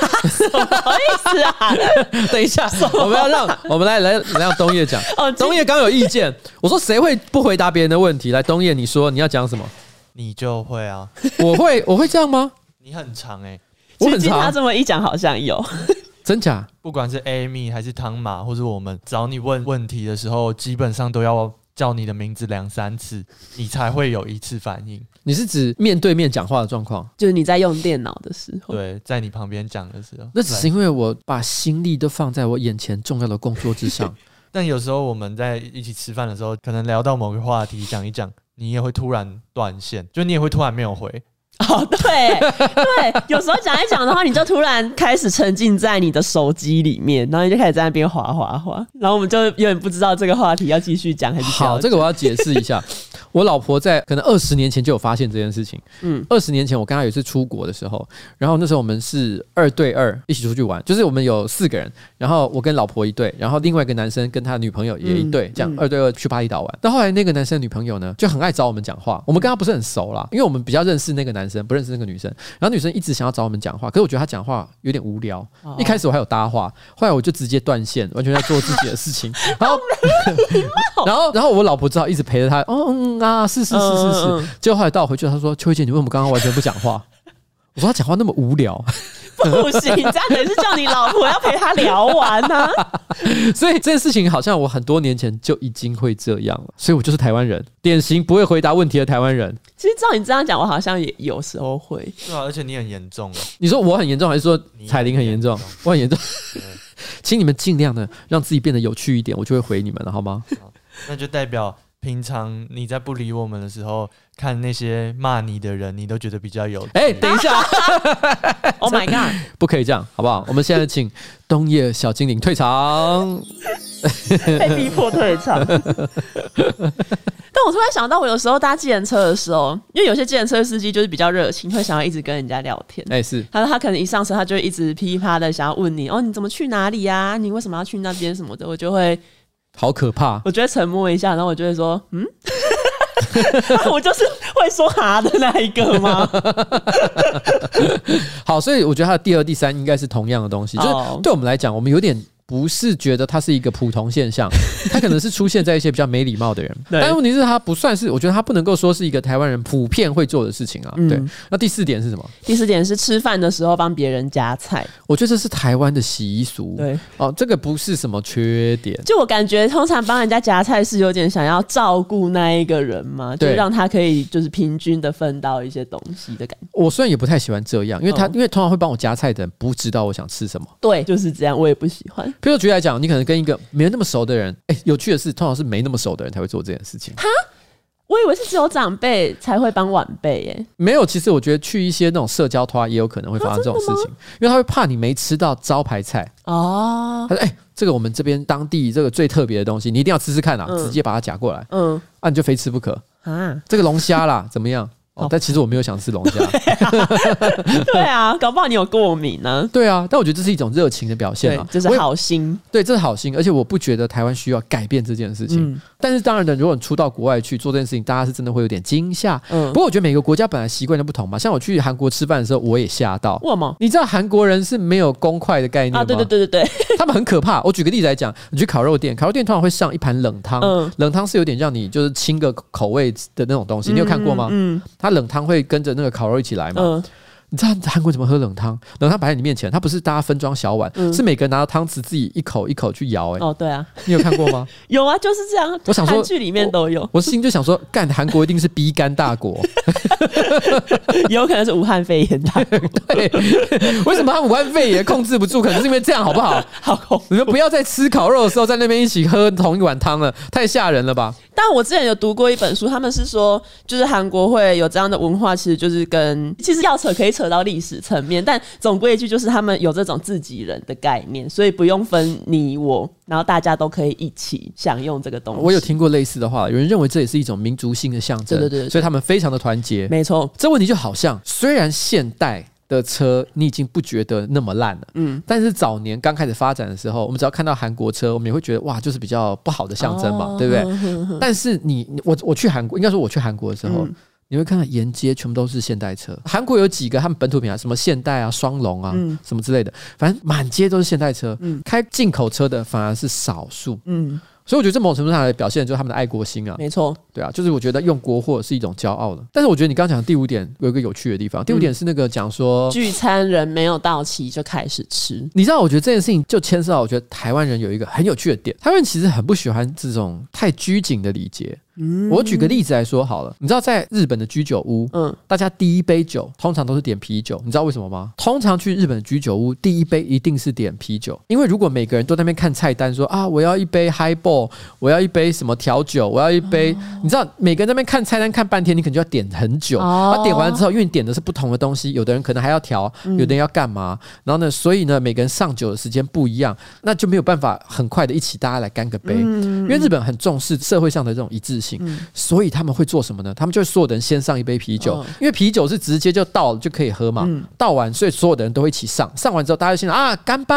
什麼意思啊？ 等一下， 我們要讓 我們來來來讓東燁講。 哦，東燁剛有意見。 我說誰會不回答別人的問題？來，東燁，你說你要講什麼？你就會啊。 我會我會這樣嗎？你很長哎、欸，我很長。他這麼一講，好像有 真假。不管是 Amy 還是 Thomas，或是我們找你問問題的時候，基本上都要。叫你的名字兩三次，你才會有一次反應。你是指面對面講話的狀況？就是你在用電腦的時候，對，在你旁邊講的時候，那只是因為我把心力都放在我眼前重要的工作之上。 但有時候我們在一起吃飯的時候，可能聊到某個話題，講一講，你也會突然斷線，就你也會突然沒有回。哦，對，對，有時候講一講的話，你就突然開始沉浸在你的手機裡面，然後你就開始在那邊滑滑滑，然後我們就有點不知道這個話題要繼續講還是好，這個我要解釋一下。 我老婆在可能二十年前就有發現這件事情。嗯，二十年前我跟她有一次出國的時候，然後那時候我們是二對二一起出去玩，就是我們有四個人，然後我跟老婆一對，然後另外一個男生跟他女朋友也一、嗯、對，這樣二對二去巴厘島玩。到、嗯、後來那個男生的女朋友呢，就很愛找我們講話，我們跟她不是很熟啦，因為我們比較認識那個男生，不認識那個女生。然後女生一直想要找我們講話，可是我覺得她講話有點無聊、嗯。一開始我還有搭話，後來我就直接斷線，完全在做自己的事情。嗯嗯、然後，然、嗯、後，然後我老婆只好一直陪着她。嗯、哦。嗯、啊，是是是是是，就、嗯、後、嗯、後來到我回去，他說：“秋姐，你為什麼剛剛完全不講話？” 我說：“他講話那麼無聊，不行，這樣等於是叫你老婆要陪他聊完呢、啊。 ”所以這件事情好像我很多年前就已經會這樣了，所以我就是台灣人，典型不會回答問題的台灣人。其實照你這樣講，我好像也有時候會。對啊，而且你很嚴重哦。你說我很嚴重，還是說彩鈴很嚴重，重？我很嚴重。 請你們盡量的讓自己變得有趣一點，我就會回你們了，好嗎？好，那就代表。平常你在不理我們的時候，看那些罵你的人，你都覺得比較有……哎、欸，等一下 ，Oh my god，不可以這樣，好不好？我們現在請東燁小精靈退場， 被逼迫退場。 但我突然想到，我有時候搭計程車的時候，因為有些計程車司機就是比較熱情，會想要一直跟人家聊天。哎、欸，是，他說他可能一上車，他就一直噼啪的想要問你哦，你怎麼去哪裡呀、啊？你為什麼要去那邊什麼的？我就會。好可怕！我覺得沉默一下，然後我就會說：“嗯， 啊、我就是會說哈的那一個嗎？” 好，所以我覺得他的第二、第三應該是同樣的東西，oh. 就是對我們來講，我們有點。不是覺得他是一個普通現象，他可能是出現在一些比較沒禮貌的人。但問題是，他不算是，我覺得他不能夠說是一個台灣人普遍會做的事情啊、嗯。對，那第四點是什麼？第四點是吃飯的時候幫別人夾菜。我覺得這是台灣的習俗。對，哦、啊，這個不是什麼缺點。就我感覺，通常幫人家夾菜是有點想要照顧那一個人嘛，就是、讓他可以就是平均的分到一些東西的感覺。我雖然也不太喜歡這樣，因為他、哦、因為通常會幫我夾菜的人不知道我想吃什麼。對，就是這樣，我也不喜歡。比如說，舉例來講，你可能跟一個沒有那麼熟的人，哎、欸，有趣的是通常是沒那麼熟的人才會做這件事情。哈，我以為是只有長輩才會幫晚輩耶、欸。沒有，其實我覺得去一些那種社交團也有可能會發生這種事情、啊，因為他會怕你沒吃到招牌菜哦。他說：“哎、欸，這個我們這邊當地這個最特別的東西，你一定要吃吃看啊，嗯、直接把它夾過來。”嗯，啊，你就非吃不可啊。這個龍蝦啦，怎麼樣？哦哦，但其實我沒有想吃龍蝦、啊， 對啊，搞不好你有過敏呢、啊。對啊，但我覺得這是一種熱情的表現啊，就是好心。對，這是好心，而且我不覺得台灣需要改變這件事情。嗯、但是當然的，如果你出到國外去做這件事情，大家是真的會有點驚嚇。嗯，不過我覺得每個國家本來習慣就不同嘛。像我去韓國吃飯的時候，我也嚇到嗎？你知道韓國人是沒有公筷的概念嗎啊？對對對對對，他們很可怕。我舉個例子來講，你去烤肉店，烤肉店通常會上一盤冷湯，嗯嗯，冷湯是有點讓你就是清個口味的那種東西。你有看過嗎？嗯，嗯。他、嗯冷湯會跟着那個烤肉一起來嗎？嗯你知道韓國怎麼喝冷湯？冷湯擺在你面前，它不是大家分裝小碗、嗯，是每個人拿到湯匙自己一口一口去舀。哎，哦，對啊，你有看過嗎？ 有啊，就是這樣。我想說韓劇裡面都有。我，我心裡就想說，幹韓國一定是逼幹大國， 有可能是武漢肺炎大國。 對，為什麼他武漢肺炎控制不住？ 可能是因為這樣，好不好？好恐怖，你們不要再吃烤肉的時候在那邊一起喝同一碗湯了，太嚇人了吧！但我之前有讀過一本書，他們是說，就是韓國會有這樣的文化，其實就是跟其實要扯可以扯。扯到歷史層面，但總歸一句就是他們有這種自己人的概念，所以不用分你我，然後大家都可以一起享用這個東西。我有聽過類似的話，有人認為這也是一種民族性的象徵。對，對對對，所以他們非常的團結。沒錯，這問題就好像，雖然現代的車你已經不覺得那麼爛了，嗯，但是早年剛開始發展的時候，我們只要看到韓國車，我們也會覺得哇，就是比較不好的象徵嘛，哦，對不對？呵呵，但是你我我去韓國，應該說我去韓國的時候。嗯你會看到沿街全部都是現代車，韓國有幾個他們本土品牌，啊，什麼現代啊、雙龍啊、嗯，什麼之類的，反正滿街都是現代車，嗯，開進口車的反而是少數。嗯所以我覺得在某種程度上，來表現就是他們的愛國心啊。沒錯，對啊，就是我覺得用國貨是一種驕傲的。但是我覺得你剛剛講的第五點有一個有趣的地方，第五點是那個講說聚餐人沒有到齊就開始吃。你知道，我覺得這件事情就牽涉到，我覺得台灣人有一個很有趣的點，台灣人其實很不喜歡這種太拘謹的禮節。我舉個例子來說好了，你知道在日本的居酒屋，嗯，大家第一杯酒通常都是點啤酒，你知道為什麼嗎？通常去日本的居酒屋，第一杯一定是點啤酒，因為如果每個人都在那邊看菜單說啊，我要一杯 high ball。我要一杯什麼調酒？我要一杯，你知道，每個人那邊看菜單看半天，你可能就要點很久。哦、啊，點完了之後，因為你點的是不同的東西，有的人可能還要調，有的人要幹嘛、嗯？然後呢，所以呢，每個人上酒的時間不一樣，那就沒有辦法很快的一起大家來乾個杯，嗯嗯嗯。因為日本很重視社會上的這種一致性，嗯、所以他們會做什麼呢？他們就是所有的人先上一杯啤酒、哦，因為啤酒是直接就倒了就可以喝嘛，嗯、倒完，所以所有的人都會一起上。上完之後，大家就先啊乾杯，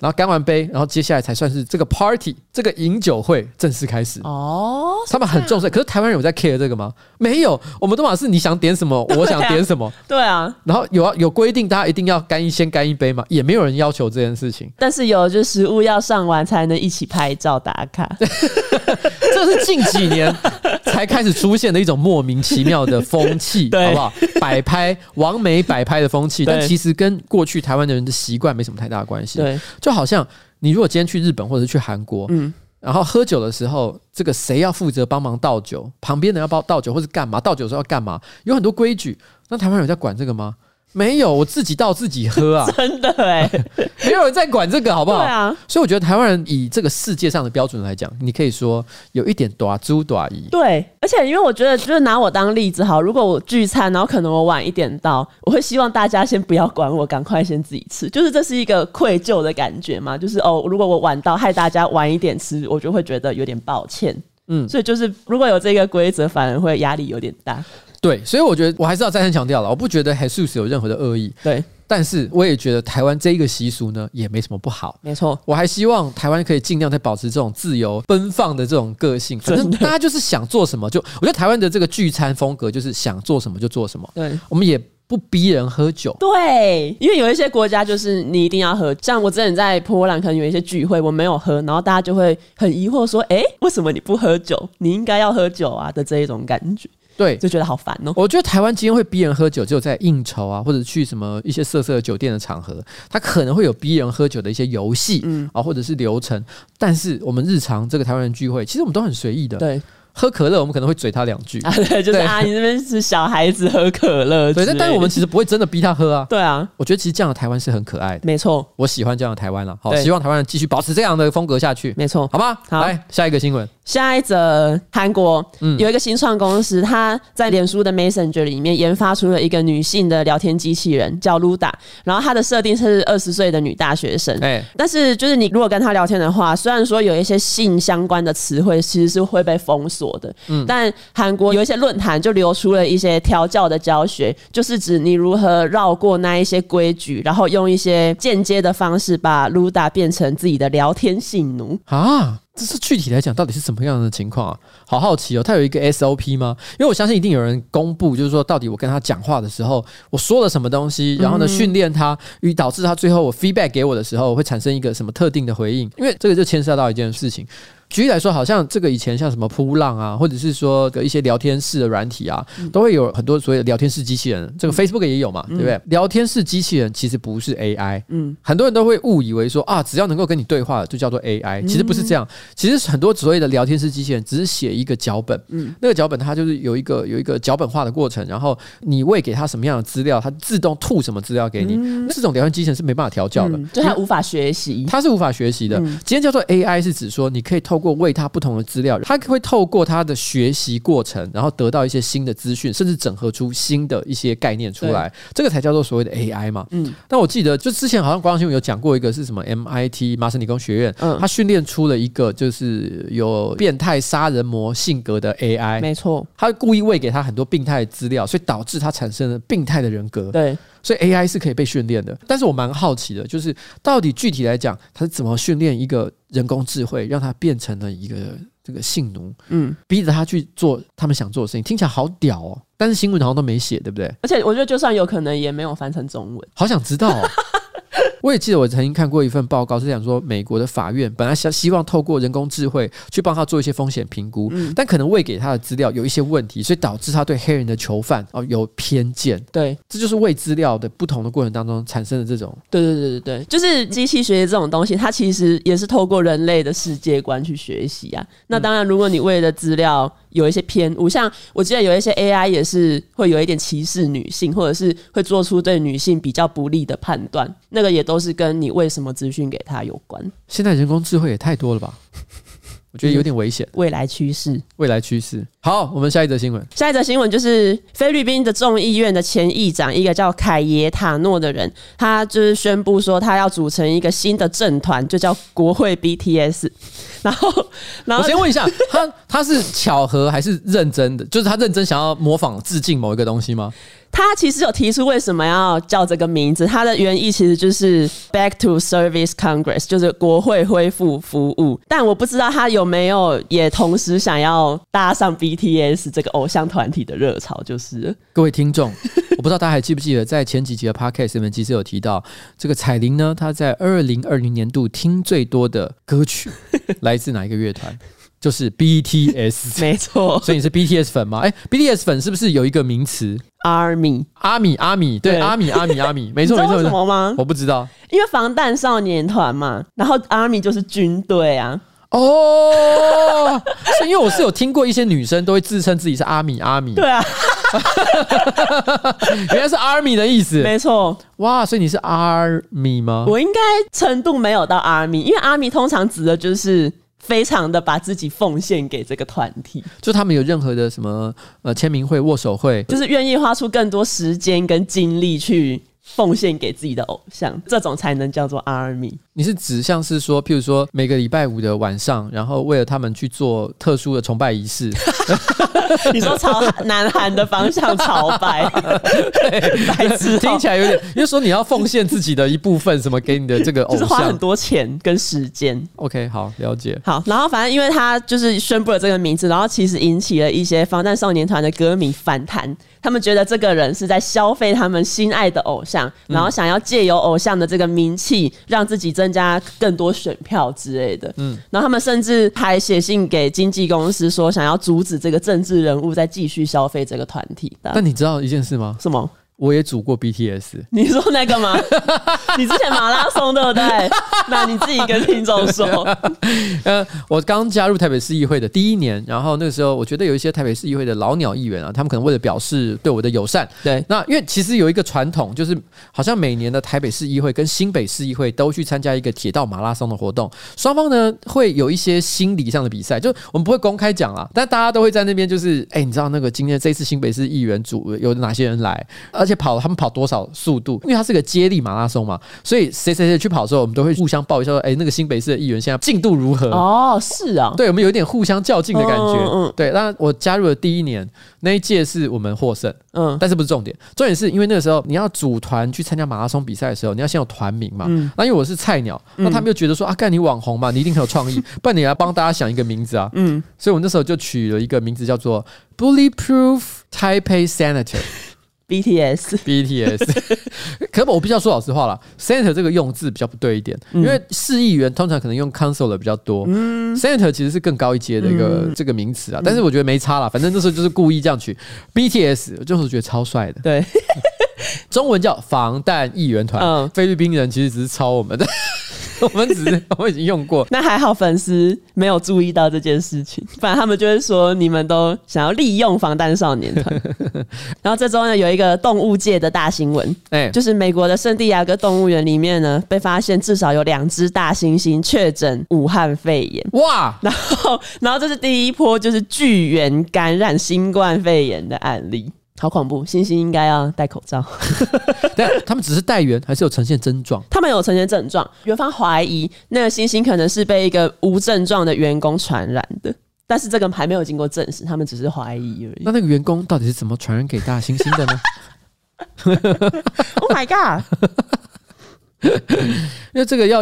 然後乾完杯，然後接下來才算是這個 party 這個飲酒。酒會正式開始哦，他們很重視。可是台灣人有在 care 這個嗎？沒有，我們都嘛是你想點什麼，okay. 我想點什麼，對啊。然後有啊，有規定，大家一定要乾一先乾一杯嘛，也沒有人要求這件事情。但是有，就食物要上完才能一起拍照打卡。 這是近幾年才開始出現的一種莫名其妙的風氣， 好不好？擺拍、完美擺拍的風氣，但其實跟過去台灣的人的習慣沒什麼太大關係。對，就好像你如果今天去日本或者是去韓國，嗯。然後喝酒的時候，這個誰要負責幫忙倒酒？旁邊人要幫倒酒，或者幹嘛？倒酒的時候要幹嘛？有很多規矩，那台灣人在管這個嗎？沒有，我自己倒自己喝啊， 真的哎、欸， 沒有人在管這個，好不好？對啊，所以我覺得台灣人以這個世界上的標準來講，你可以說有一點大主大意。對，而且因為我覺得，就是拿我當例子好。如果我聚餐，然後可能我晚一點到，我會希望大家先不要管我，趕快先自己吃。就是這是一個愧疚的感覺嘛？就是哦，如果我晚到，害大家晚一點吃，我就會覺得有點抱歉。嗯，所以就是如果有這個規則，反而會壓力有點大。對，所以我覺得我還是要再三強調了，我不覺得 h a s u s 有任何的惡意。對，但是我也覺得台灣這一個習俗呢，也沒什麼不好。沒錯，我還希望台灣可以盡量在保持這種自由奔放的這種個性，反是大家就是想做什麼就。我覺得台灣的這個聚餐風格就是想做什麼就做什麼。對，我們也不逼人喝酒。對，因為有一些國家就是你一定要喝，像我之前在波蘭可能有一些聚會，我沒有喝，然後大家就會很疑惑說：“哎，為什麼你不喝酒？你應該要喝酒啊！”的這一種感覺。對，就覺得好煩哦、喔。我覺得台灣今天會逼人喝酒，只有在應酬啊，或者去什麼一些色色的酒店的場合，他可能會有逼人喝酒的一些遊戲，嗯，啊，或者是流程。但是我們日常這個台灣人聚會，其實我們都很隨意的。對。喝可樂，我們可能會嘴他兩句，啊、對，就是啊，你這邊是小孩子喝可樂。對，但但我們其實不會真的逼他喝啊。對啊，我覺得其實這樣的台灣是很可愛的。沒錯，我喜歡這樣的台灣了、啊。好，希望台灣人繼續保持這樣的風格下去。沒錯，好吧。來下一個新聞。下一則，韓國有一個新創公司，他、嗯、在臉書的 Messenger 裡面研發出了一個女性的聊天機器人，叫 Luda。然後它的設定是二十歲的女大學生。哎、欸，但是就是你如果跟她聊天的話，雖然說有一些性相關的詞彙其實是會被封鎖。的、嗯，但韓國有一些論壇就流出了一些調教的教學，就是指你如何繞過那一些規矩，然後用一些間接的方式把 Luda 變成自己的聊天性奴啊！這是具體來講，到底是什麼樣的情況啊？好好奇哦，他有一個 SOP 嗎？因為我相信一定有人公布，就是說到底我跟他講話的時候，我說了什麼東西，然後呢訓練他，與導致他最後我 feedback 給我的時候會產生一個什麼特定的回應？因為這個就牽涉到一件事情。舉例來說，好像這個以前像什麼噗浪啊，或者是說的一些聊天室的軟體啊、嗯，都會有很多所謂的聊天室機器人。這個 Facebook 也有嘛，嗯、對不對？聊天室機器人其實不是 AI，嗯，很多人都會誤以為說啊，只要能夠跟你對話，就叫做 AI。其實不是這樣、嗯，其實很多所謂的聊天室機器人只是寫一個腳本，嗯，那個腳本它就是有一個有一個腳本化的過程，然後你餵給它什麼樣的資料，它自動吐什麼資料給你。那、嗯、這種聊天機器人是沒辦法調教的，嗯、就它無法學習，它、嗯、是無法學習的、嗯。今天叫做 AI 是指說你可以透。通過餵他不同的資料，他會透過他的學習過程，然後得到一些新的資訊，甚至整合出新的一些概念出來。這個才叫做所謂的 AI 嘛。嗯。但我記得，就之前好像廣場新聞有講過一個是什麼 MIT 麻省理工學院，嗯。他訓練出了一個就是有變態殺人魔性格的 AI。沒錯。他故意餵給他很多病態資料，所以導致他產生了病態的人格。對。所以 AI 是可以被訓練的，但是我蠻好奇的，就是到底具體來講，他是怎麼訓練一個？人工智慧讓他變成了一個這個性奴，嗯，逼着他去做他們想做的事情，聽起來好屌哦！但是新聞好像都沒寫，對不對？而且我覺得就算有可能，也沒有翻成中文，好想知道哦。 我也記得我曾經看過一份報告，是講說美國的法院本來想希望透過人工智慧去幫他做一些風險評估，嗯，但可能餵給他的資料有一些問題，所以導致他對黑人的囚犯有偏見。對，這就是餵資料的不同的過程當中產生的這種。對對對對對，就是機器學習這種東西，它其實也是透過人類的世界觀去學習啊。那當然，如果你餵的資料。嗯有一些偏我像我記得有一些 AI 也是會有一點歧視女性，或者是會做出對女性比較不利的判斷，那個也都是跟你為什麼資訊給他有關。現在人工智慧也太多了吧？覺得有點危險，嗯，未來趨勢，未來趨勢。好，我們下一則新聞。下一則新聞就是菲律賓的眾議院的前議長，一個叫凱耶塔諾的人，他就是宣布說他要組成一個新的政團，就叫國會 BTS。 然後，然後我先問一下， 他他是巧合還是認真的？就是他認真想要模仿致敬某一個東西嗎？他其實有提出為什麼要叫這個名字，他的原意其實就是 Back to Service Congress，就是國會恢復服務。但我不知道他有沒有也同時想要搭上 BTS 這個偶像團體的熱潮。就是各位聽眾，我不知道大家還記不記得，在前幾集的 podcast 裡面，其實有提到這個彩鈴呢。他在二零二零年度聽最多的歌曲來自哪一個樂團？ 就是 BTS， 沒錯，所以你是 BTS 粉嗎？哎，欸，BTS 粉是不是有一個名詞？Army，阿米阿米，對 army, army, army, 阿米阿米阿米，沒錯。沒錯，你知道為什麼嗎？我不知道，因為防彈少年團嘛，然後 Army 就是軍隊啊。哦，所以因為我是有聽過一些女生都會自稱自己是阿米 阿米，對啊， 原來是 Army 的意思，沒錯。哇，所以你是 Army 嗎？我應該程度沒有到 Army，因為 army 通常指的就是。非常的把自己奉獻給這個團體，就他們有任何的什麼呃簽名會、握手會，就是願意花出更多時間跟精力去。奉獻給自己的偶像，這種才能叫做阿米。你是指像是說，譬如說每個禮拜五的晚上，然後為了他們去做特殊的崇拜儀式。 你說朝南韓的方向朝拜，對，來 自。 聽起來有點，就是說你要奉獻自己的一部分，什麼給你的這個偶像，就是花很多錢跟時間。 OK，好，了解。好，然後反正因為他就是宣布了這個名字，然後其實引起了一些防彈少年團的歌迷反彈，他們覺得這個人是在消費他們心愛的偶像。嗯，然後想要借由偶像的這個名氣，讓自己增加更多選票之類的。嗯，然後他們甚至還寫信給經紀公司，說想要阻止這個政治人物再繼續消費這個團體。但你知道一件事嗎？什麼？我也組過 BTS，你說那個嗎？ 你之前馬拉松對不對？ 那你自己跟聽眾說 嗯。我剛加入台北市議會的第一年，然後那個時候我覺得有一些台北市議會的老鳥議員啊，他們可能為了表示對我的友善，對，那因為其實有一個傳統，就是好像每年的台北市議會跟新北市議會都去參加一個鐵道馬拉松的活動，雙方呢會有一些心理上的比賽，就我們不會公開講啦、啊，但大家都會在那邊就是，哎、欸，你知道那個今天這次新北市議員組有哪些人來？而且跑，他們跑多少速度？因為它是個接力馬拉松嘛，所以誰誰誰去跑的時候，我們都會互相報一下說：“哎、欸，那個新北市的議員現在進度如何？”哦，是啊，對，我們有一點互相較勁的感覺、哦嗯。對，那我加入了第一年那一屆是我們獲勝，嗯，但是不是重點，重點是因為那個時候你要組團去參加馬拉松比賽的時候，你要先有團名嘛。那、嗯、因為我是菜鳥，那他們又覺得說：“嗯、啊，幹你網紅嘛，你一定很有創意， 不然你要幫大家想一個名字啊。”嗯，所以我們那時候就取了一個名字叫做 “bully proof Taipei senator”。 BTS，BTS，BTS 可不我比較說老實話啦 ，Senator 這個用字比較不對一點，嗯、因為市議員通常可能用 council 的比較多、嗯、Senator 其實是更高一階的一個這個名詞啊、嗯，但是我覺得沒差啦，嗯、反正那時候就是故意這樣取，BTS 我就是覺得超帥的，對， 中文叫防彈議員團，菲律賓人其實只是抄我們的。 我們只是我們已經用過， 那還好粉絲沒有注意到這件事情，反正他們就會說你們都想要利用防彈少年團。然後這週呢，有一個動物界的大新聞，哎，就是美國的聖地亞哥動物園裡面呢，被發現至少有兩只大猩猩確診武漢肺炎，哇！然後然後這是第一波，就是巨猿感染新冠肺炎的案例。好恐怖，猩猩應該要戴口罩。但 他們只是帶原，還是有呈現症狀？他們有呈現症狀。園方懷疑那個猩猩可能是被一個無症狀的員工傳染的，但是這個還沒有經過證實，他們只是懷疑而已。那那個員工到底是怎麼傳染給大猩猩的呢 ？Oh my god！ 因為這個要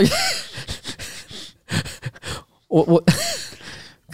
我我。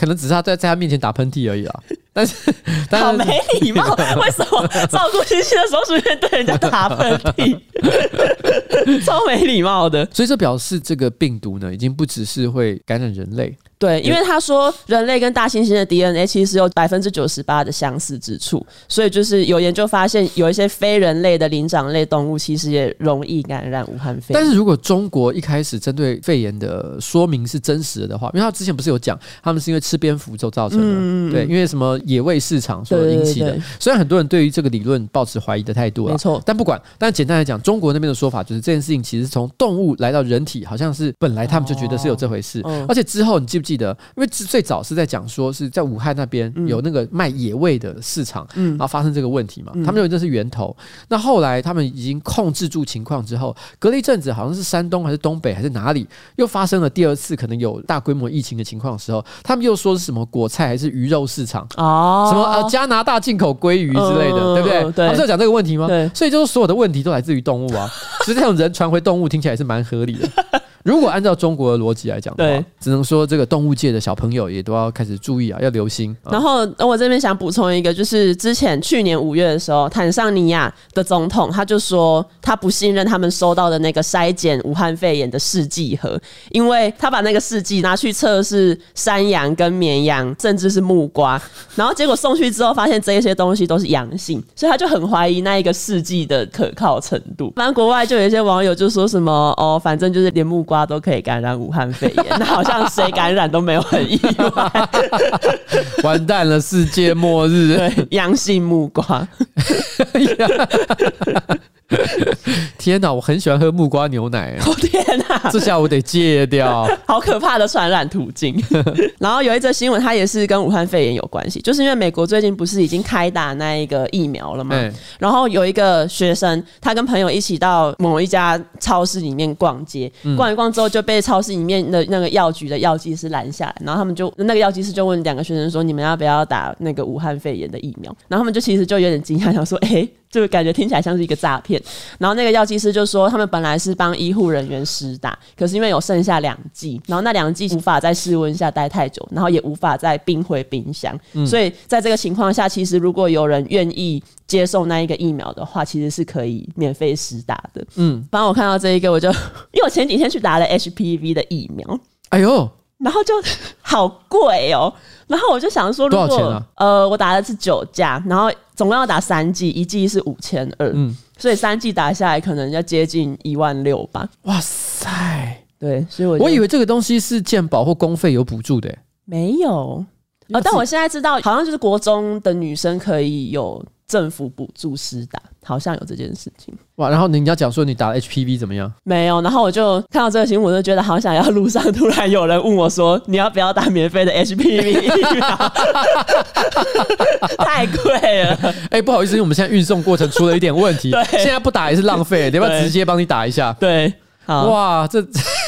可能只是他在在他面前打噴嚏而已啊，但是，但是好沒禮貌，嗯，為什麼 照顧猩猩的時候隨便對人家打噴嚏， 超沒禮貌的。所以這表示這個病毒呢，已經不只是會感染人類。對，因為他說人類跟大猩猩的 DNA 其實有百分之九十八的相似之處，所以就是有研究發現，有一些非人類的靈長類動物其實也容易感染武漢肺炎。但是如果中國一開始針對肺炎的說明是真實的話，因為他之前不是有講他們是因為吃蝙蝠就造成的，嗯，對，因為什麼野味市場所引起的，對對對對。雖然很多人對於這個理論抱持懷疑的態度了，沒錯。但不管，但簡單來講，中國那邊的說法就是這件事情其實從動物來到人體，好像是本來他們就覺得是有這回事，哦，嗯，而且之後你記不記？記得，因為最早是在講說是在武漢那邊有那個賣野味的市場、嗯，然後發生這個問題嘛，嗯、他們認為這是源頭、嗯。那後來他們已經控制住情況之後，隔了一陣子，好像是山東還是東北還是哪裡，又發生了第二次可能有大規模疫情的情況的時候，他們又說是什麼果菜還是魚肉市場啊、哦，什麼加拿大進口鮭魚之類的，哦、對不對？哦、對，他們是在講這個問題嗎？對。所以就是所有的問題都來自於動物啊，所 以這種人傳回動物聽起來也是蠻合理的。 如果按照中國的邏輯來講，對，只能說這個動物界的小朋友也都要開始注意啊，要留心啊。然後我這邊想補充一個，就是之前去年五月的時候，坦桑尼亞的總統他就說他不信任他們收到的那個篩檢武漢肺炎的試劑盒，因為他把那個試劑拿去測試山羊跟綿羊，甚至是木瓜，然後結果送去之後發現這些東西都是陽性，所以他就很懷疑那一個試劑的可靠程度。反正國外就有一些網友就說什麼哦，反正就是連木。都可以感染武漢肺炎，那好像誰感染都沒有很意外 。 完蛋了，世界末日！ 對，陽性木瓜。 天哪，我很喜歡喝木瓜牛奶。哦、oh，天哪，這下我得戒掉。好可怕的傳染途徑。 然後有一則新聞，它也是跟武漢肺炎有關係，就是因為美國最近不是已經開打那一個疫苗了嗎、欸？然後有一個學生，他跟朋友一起到某一家超市裡面逛街，嗯、逛一逛之後就被超市裡面的那個藥局的藥劑師攔下來，然後他們就那個藥劑師就問兩個學生說：“你們要不要打那個武漢肺炎的疫苗？”然後他們就其實就有點驚訝，想說：“哎、欸。”就感覺聽起來像是一個詐騙，然後那個藥劑師就說，他們本來是幫醫護人員施打，可是因為有剩下兩劑，然後那兩劑無法在室溫下待太久，然後也無法再冰回冰箱，嗯、所以在這個情況下，其實如果有人願意接受那一個疫苗的話，其實是可以免費施打的。嗯，當我看到這一個，我就因為我前幾天去打了 HPV 的疫苗，哎喲然後就好貴哦、喔，然後我就想說，如果、啊、呃，我打的是九價，然後。總共要打三劑，一劑是五千二，所以三劑打下來可能要接近一萬六吧。哇塞，對，所以我，我以為這個東西是健保或公費有補助的，欸，沒有啊、哦。但我現在知道，好像就是國中的女生可以有。政府補助施打，好像有這件事情。哇，然後你要講說你打 HPV 怎麼樣？沒有，然後我就看到這個新聞，我就覺得好想要路上突然有人問我說，你要不要打免費的 HPV？ 太貴了。哎、欸欸，不好意思，因為我們現在運送過程出了一點問題， 對現在不打也是浪費，你要不要直接幫你打一下？對，對哇，這。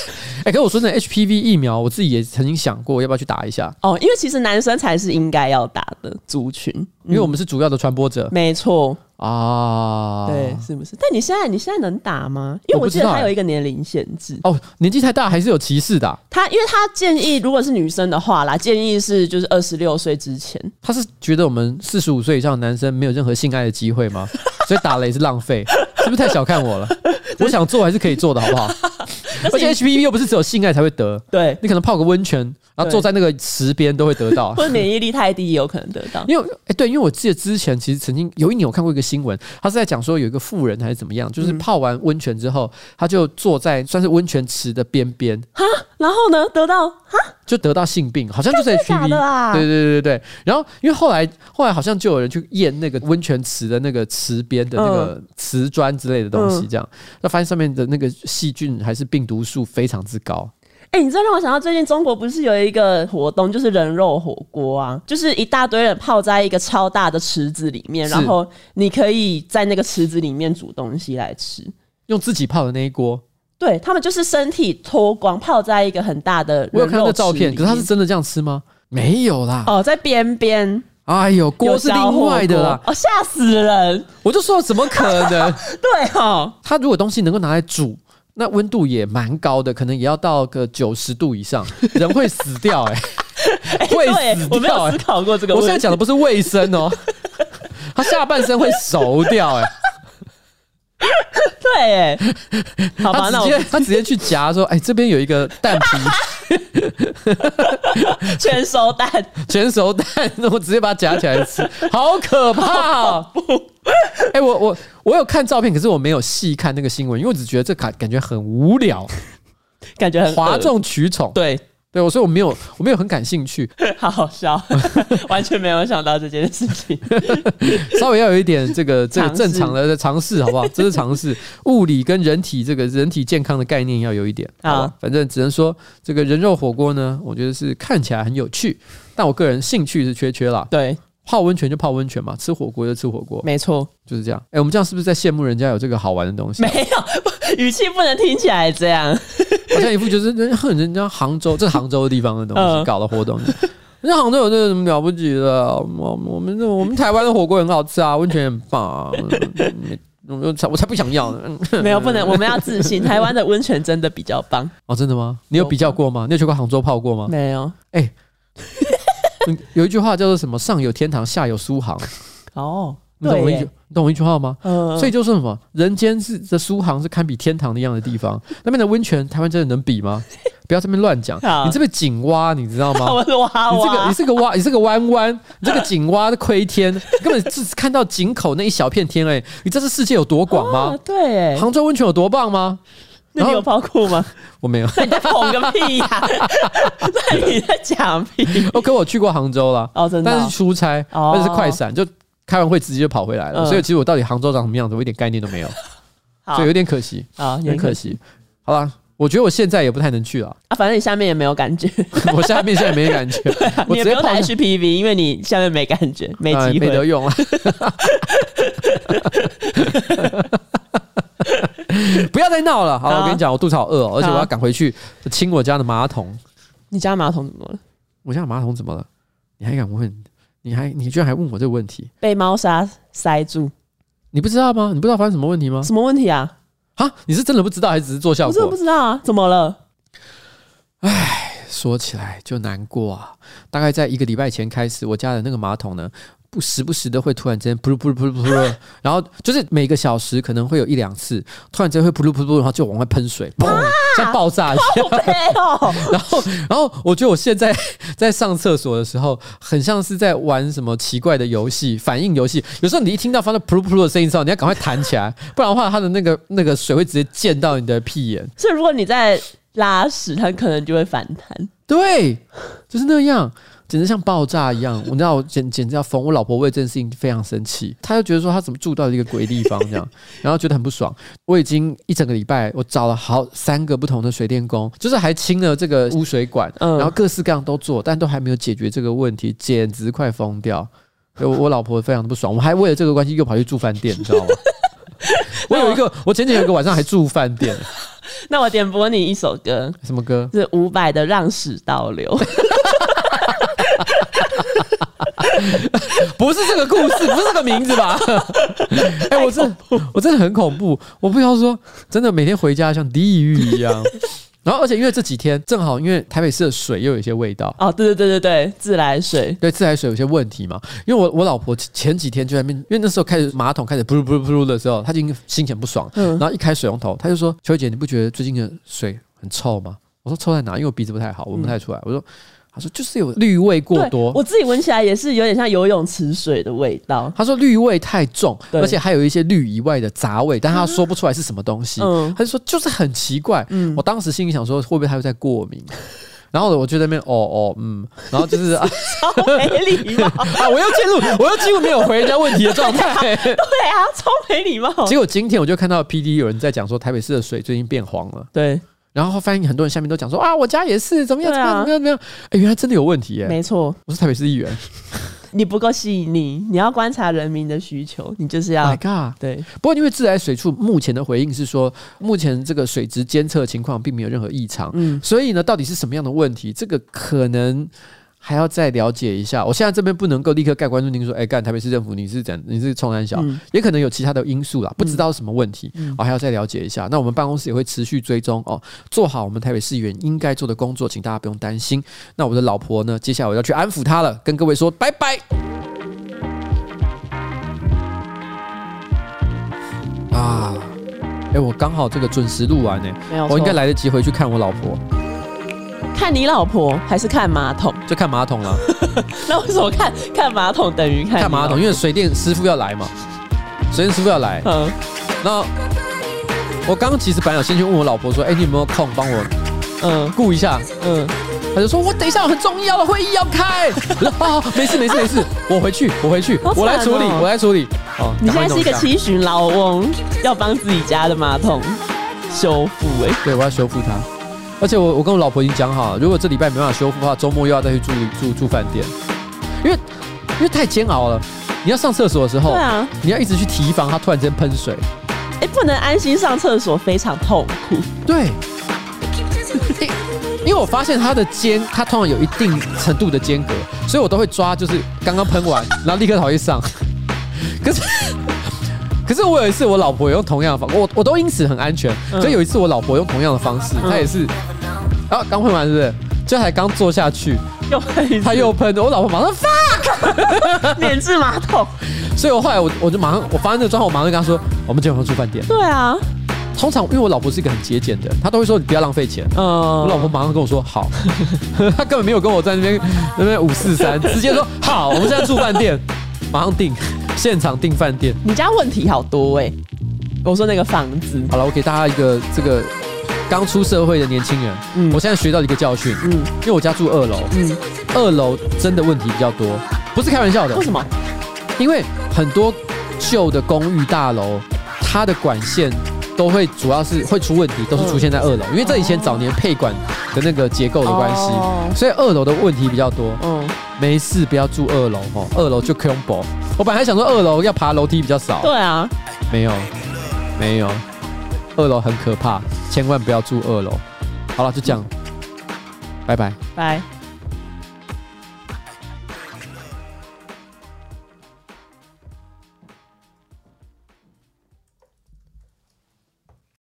哎、欸，跟我說那 HPV 疫苗，我自己也曾經想過，要不要去打一下？哦，因為其實男生才是應該要打的族群，嗯，因為我們是主要的傳播者。沒錯啊，對，是不是？但你現在你現在能打嗎？因為我記得他有一個年齡限制。哦，年紀太大還是有歧視的、啊。他因為他建議，如果是女生的話啦，建議是就是二十六歲之前。他是覺得我們四十五歲以上的男生沒有任何性愛的機會嗎？ 所以打了也是浪費， 是不是太小看我了？ 我想做還是可以做的，好不好？ 而且 HPV 又不是只有性愛才會得，對，你可能泡個溫泉，然後坐在那個池邊都會得到，或者免疫力太低有可能得到。因為哎、欸，對，因為我記得之前其實曾經有一年我看過一個新聞，他是在講說有一個富人還是怎麼樣，就是泡完溫泉之後，他就坐在算是溫泉池的邊邊哈，然後呢得到哈，就得到性病，好像就是 HPV 啦。對對對對對。然後因為後來後來好像就有人去驗那個溫泉池的那個池邊的那個瓷磚之類的東西這、嗯，這樣，那發現上面的那個細菌還是病。毒素非常之高，哎、欸，你知道讓我想到最近中國不是有一個活動，就是人肉火鍋啊，就是一大堆人泡在一個超大的池子裡面，然後你可以在那個池子裡面煮東西來吃，用自己泡的那一鍋，對，他們就是身體脫光泡在一個很大的肉裡面，我有看到那照片，可是他是真的這樣吃嗎？沒有啦，哦，在邊邊，哎呦，鍋是另外的啦哦，嚇死人！我就說怎麼可能？ 對哈、哦，他如果東西能夠拿來煮。那溫度也蠻高的，可能也要到個九十度以上，人會死掉哎、欸 欸，會死掉、欸欸。我沒有思考過這個問題。我現在講的不是衛生哦、喔，他 下半身會熟掉哎、欸，對、欸，哎，好吧，那我他直接去夾說，哎、欸，這邊有一個蛋皮。 全，全熟蛋，全熟蛋，我直接把它夾起來吃，好可怕哦！哎，我我我有看照片，可是我沒有細看那個新聞，因為我只覺得這卡感覺很無聊，感覺很嘩眾取寵，對。對，所以我沒有，我沒有很感興趣，好好笑，完全沒有想到這件事情， 稍微要有一點這個這個正常的嘗試，好不好？這是嘗試物理跟人體這個人體健康的概念要有一點啊，反正只能說這個人肉火鍋呢，我覺得是看起來很有趣，但我個人興趣是缺缺啦，對。泡溫泉就泡溫泉嘛，吃火鍋就吃火鍋，沒錯，就是這樣。哎、欸，我們這樣是不是在羨慕人家有這個好玩的東西？沒有，語氣不能聽起來這樣，好像一副就是人家人家杭州這是杭州的地方的東西搞、嗯、的活動、嗯，人家杭州有這個什麼了不起的、啊？我我們我們台灣的火鍋很好吃啊，溫泉很棒啊 我，我才不想要呢， 沒有不能，我們要自信，台灣的溫泉真的比較棒哦，真的嗎？你有比較過嗎？你有去過杭州泡過嗎？沒有，哎、欸。有一句話叫做什麼「上有天堂，下有蘇杭」。哦，你懂我一句，你懂我一句話嗎？嗯、uh，所以就是什麼，人間是這蘇杭是堪比天堂一樣的地方。Uh, 那邊的溫泉， 台灣真的能比嗎？不要這邊亂講，你這邊井蛙，你知道嗎？ 蛙蛙你這個，你這個蛙，你是個彎彎， 你這個井蛙的窺天，根本是看到井口那一小片天。欸。哎，你這是世界有多廣嗎？Oh, 對，杭州溫泉有多棒嗎？那你有跑酷嗎？我沒有。你在捧個屁呀、啊！ 你在講屁。OK，、哦、我去過杭州了。哦，真的、哦。但是出差，哦且是快閃，就開完會直接就跑回來了、呃。所以其實我到底杭州長什麼樣子，我一點概念都沒有。好所以有點可惜啊，有點可惜。好吧，我覺得我現在也不太能去了。啊，反正你下面也沒有感覺。 我下面現在沒感覺。啊、我只有跑去 P P V，因為你下面沒感覺，沒機會、哎、沒得用啊。 不要再鬧了，好，好啊，我跟你講，我肚子好餓哦好，啊，而且我要趕回去清我家的馬桶。你家的馬桶怎麼了？我家的馬桶怎麼了？你還敢問？你還你居然還問我這個問題？被貓砂塞住，你不知道嗎？你不知道發生什麼問題嗎？什麼問題啊？啊？你是真的不知道還是只是做效果？是我是不知道啊，怎麼了？唉，說起來就難過啊。大概在一個禮拜前開始，我家的那個馬桶呢？不時不時的會突然間噗嚕噗嚕噗嚕噗嚕，然後就是每個小時可能會有一兩次，突然間會噗嚕噗嚕然後，就往外噴水，砰，像爆炸一樣。然後，然後我覺得我現在在上廁所的時候，很像是在玩什麼奇怪的遊戲，反應遊戲。有時候你一聽到發出噗嚕噗嚕的聲音之後，你要趕快彈起來，不然的話，它的那個那個水會直接濺到你的屁眼。所以，如果你在拉屎，它可能就會反彈。對，就是那樣。簡直像爆炸一樣，你知道我簡，簡簡直要瘋。我老婆為這件事情非常生氣，她就覺得說她怎麼住到一個鬼地方這樣，然後覺得很不爽。我已經一整個禮拜，我找了好三個不同的水電工，就是還清了這個污水管，然後各式各樣都做，但都還沒有解決這個問題，簡直快瘋掉。所以我老婆非常的不爽，我還為了這個關係又跑去住飯店，你知道嗎 我？我有一個，我前天有個晚上還住飯店。 那我點播你一首歌，什麼歌？是伍佰的《讓屎倒流。》 不是這個故事，不是這個名字吧？哎、 欸，我真我真的很恐怖，我不要說，真的每天回家像地獄一樣。然後，而且因為這幾天正好，因為台北市的水又有一些味道。哦，對對對對對，自來水。對自來水有些問題嘛？因為我我老婆前幾天就在那邊，因為那時候開始馬桶開始噗嚕噗嚕噗嚕的時候，她已經心情不爽、嗯。然後一開水龍頭，她就說：“秋姐，你不覺得最近的水很臭嗎？”我說：“臭在哪？”因為我鼻子不太好，聞不太出來。嗯、我說。他說：“就是有氯味過多，我自己聞起來也是有點像游泳池水的味道。”他說：“氯味太重，而且還有一些氯以外的雜味，但他說不出來是什麼東西。嗯”他就說：“就是很奇怪。嗯”我當時心裡想說：“會不會他又在過敏、嗯？”然後我就在那邊“哦哦嗯”，然後就是 超沒禮貌 啊！我又進入，我又幾乎沒有回人家問題的狀態。 對啊，對啊，超沒禮貌。結果今天我就看到 PD 有人在講說，台北市的水最近變黃了。對。然後發現很多人下面都講說啊，我家也是怎麼樣怎麼樣怎麼樣。哎、啊，原來真的有問題耶！沒錯，我是台北市議員，你不夠吸引力，你要觀察人民的需求，你就是要。My God，對。不過因為自來水處目前的回應是說，目前這個水質監測情況並沒有任何異常，嗯，所以呢，到底是什麼樣的問題？這個可能。還要再了解一下，我現在這邊不能夠立刻蓋關注您說，哎、欸，幹台北市政府你是怎，你是衝三小、嗯，也可能有其他的因素啦，不知道什麼問題，我、嗯嗯哦、還要再了解一下。那我們辦公室也會持續追蹤哦，做好我們台北市議員應該做的工作，請大家不用擔心。那我的老婆呢？接下來我要去安撫她了，跟各位說拜拜。嗯、啊，哎、欸，我剛好這個準時錄完呢、欸嗯，我應該來得及回去看我老婆。看你老婆，還是看馬桶？就看馬桶了。 那為什麼看看馬桶等於看？看馬桶，因為水電師傅要來嘛。水電師傅要來。嗯。那我剛剛其實本來有先去問我老婆說：“哎、欸，你有沒有空幫我，嗯，顧一下？”嗯。他就說：“我等一下，有很重要的會議要開。 ”啊，沒事沒事沒事，我回去我回去，我來處理我來處理，來處理好。你現在是一個七旬老，老翁，要幫自己家的馬桶修復哎、欸。對，我要修復它。而且我我跟我老婆已經講好了，如果這禮拜沒辦法修復的話，週末又要再去住住住飯店，因為因為太煎熬了。你要上廁所的時候，對啊，你要一直去提防它突然間噴水。哎、欸，不能安心上廁所，非常痛苦。對，欸、因為我發現他的間他通常有一定程度的間隔，所以我都會抓，就是剛剛噴完， 然後立刻跑去上。 可是可是我有一次我老婆也用同樣的方我我都因此很安全。所以有一次我老婆用同樣的方式，她、嗯、也是。嗯哦、啊，剛噴完是不是？這才剛坐下去，又噴，他又噴的，我老婆馬上 fuck， 免治馬桶。所以我後來我我就馬上，我發完那個裝潢，我馬上就跟他說，我們今晚住飯店。對啊，通常因為我老婆是一個很節儉的，她都會說你不要浪費錢。嗯，我老婆馬上跟我說好，她 根本沒有跟我在那邊 那邊五四三，直接說好，我們現在住飯店，馬上訂，現場訂飯店。你家問題好多哎、欸，我說那個房子。好了，我給大家一個這個。剛出社會的年輕人，嗯，我現在學到一個教訓，嗯，因為我家住二樓，嗯，二樓真的問題比較多，不是開玩笑的。為什麼？因為很多舊的公寓大樓，它的管線都會主要是會出問題，都是出現在二樓，嗯，因為這以前早年配管的那個結構的關係，哦，所以二樓的問題比較多。嗯，沒事，不要住二樓哦。二樓就恐怖。我本來還想說二樓要爬樓梯比較少。對啊，沒有，沒有。二樓很可怕，千萬不要住二樓。好了，就這樣，拜拜，拜。